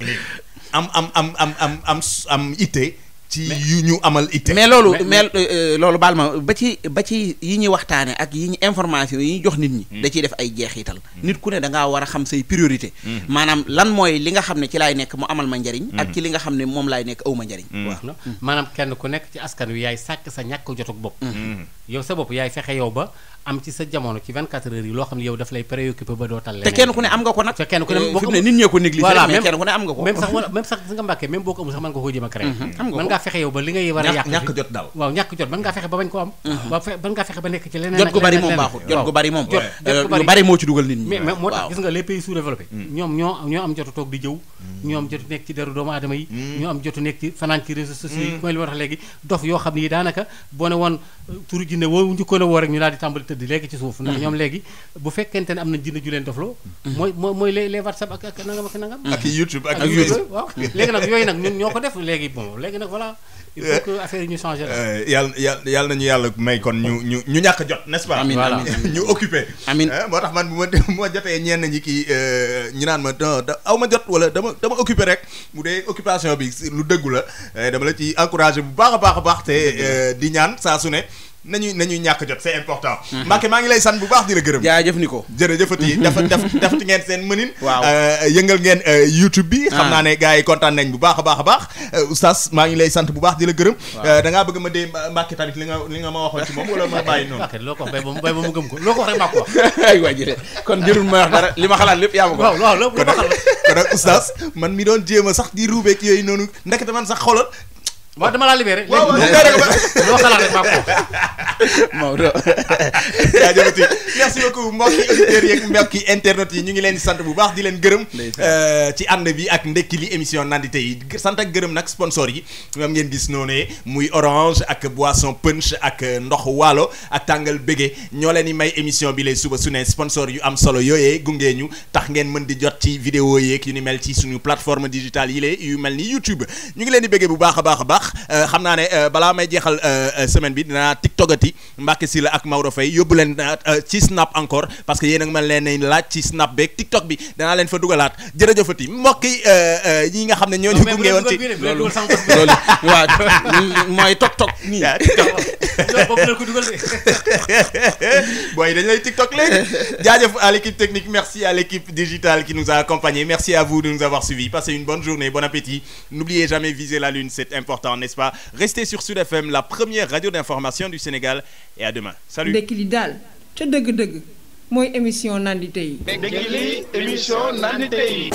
am am am am am am am itte ci yu ñu amal itte mais loolu mais euh, loolu baal ma ba ci ba ci yi ñuy waxtaane ak yi ñu information yi ñu jox nit ñi hmm. da ciy def ay jeexital hmm. nit ku ne da ngaa war a xam say priorité hmm. maanaam lan mooy li nga xam ne ci laay nekk mu amal ma njariñ ak ci li nga xam ne moom laay nekk aw ma njariñ waaw maanaam kenn ku nekk ci askan wi yaay sàkk sa ñàkk jotug bopp yow sa bopp yaay fexe yow ba am ci sa jamono ci 24 heures yi loo xam ne yow daf lay préoccupé ba doo tal leneen te kenn ku ne am nga ko nag te kenn ku ne eh, boo ko nit ñee ko négligé voilà mais kenn ku ne am nga ko même sax wala même sax si nga mbàkkee même boo ko amul sax mën nga koo jëm a créé mhm, mën ngaa fexe yow ba li ngay war a yàq ñàkk jot daal waaw ñàkk jot mën ngaa fexe ba bañ ko am waaw mhm. mën ngaa fexe ba nekk ci leneen jot gu bari moom baaxul jot gu bari moom euh, lu bari moo ci dugal nit ñi mais moo tax gis nga les pays sous-développés mm. ñoom ñoo ñoo am jotu toog di jëw mm. ñoo am jotu nekk ci deru doomu aadama yi mm. ñoo am jotu nekk ci fanaan ci réseaux sociaux yi mooy li ma wax léegi dof yoo xam ne yi daanaka boo ne woon turu jinne woo njëkkoon a woo rek ñu daal di tàmbali tëdd léegi ci suuf ndax mhm. ñoom léegi bu fekkente am na jinne ju dofloo mhm. mooy mooy mooy whatsapp ak ak nangam ak nangam mhm. ak youtube ak youtube waaw léegi nag yooyu nag ñoo ko def léegi bon léegi nag voilà il faut eh. yi ñu changé la. yàlla eh, yàlla yàlla nañu yàlla may kon ñu ñu ñu ñàkk jot n'est-ce pas. amiin ñu occupé. amiin eh, moo tax man bu ma bu ma jotee ñenn ñi kii ñu naan ma non aw ma jot wala dama dama occupé rek mu dee occupation bi lu dëggu la dama la ci encouragé bu baax a baax a baax te di ñaan saa su ne. nañuy nañuy ñàkk jot c'est important mhm. Mbacke maa ngi lay sant bu baax di la gërëm jaajëf ni ko jërëjëfati mhm. dafa def defati ngeen seen mënin *laughs* euh, yëngal ngeen euh, YouTube bi ah. xam naa ne gaa yi kontaan nañ bu baax a baax a baax euh, oustaz maa ngi lay sant bu baax di la gërëm da ngaa bëgg ma dee Mbacke tamit li nga li nga ma waxoon ci moom wala ma *laughs* bàyyi noonu wax bay ba mu bay ba mu gëm ko loo ko maa *laughs* ko li ma xalaat lépp yaa ma ko waaw waaw lépp kon nag man mi doon jéem a sax di ruubeek yooyu noonu ndekete man sax xoolal waaw dama laa libéré. waaw waaw loo xalaat rek maa ko. Maodo. jaajëf tuuti merci beaucoup mbokki auditeurs yeeg mbokki internet yi ñu ngi leen di sant bu baax di leen gërëm. Euh, ci ànd bi ak ndekki li émission nandite yi sant ak gërëm nag sponsor yi ñoom ngeen gis noonu muy orange ak boisson punch ak ndox waalo ak tàngal bége ñoo leen di may émission bi lay suba su ne sponsor yu am solo yooyee gunge ñu tax ngeen mën di jot ci vidéo yeeg yu ni mel ci suñu plateforme digitale yi lay yu mel ni YouTube ñu ngi leen di bége bu baax a baax a baax. ndax euh, xam naa ne euh, balaa may jeexal euh, semaine bi dinaa tiktokati si la ak Maodo fey yóbbu leen ci snap encore parce que yéen a ngi ma leen laaj ci snap beeg tiktok bi danaa leen fa dugalaat jërëjëfati mbokk yi nga xam ne ñoo ñu gunge woon ci loolu loolu *laughs* waaw mooy tok tok nii *laughs* booy dañ lay tiktok léegi jaajëf à l'équipe technique merci à l'équipe digitale qui nous a accompagnés merci à vous de nous avoir suivis passez une bonne journée bon appétit n'oubliez jamais viser la lune c'est important n'est-ce pas restez sur Sud FM la première radio d'information du Sénégal et à demain salut. daal ca dëgg-dëgg mooy émission nandite yi. ndekki émission nandite yi.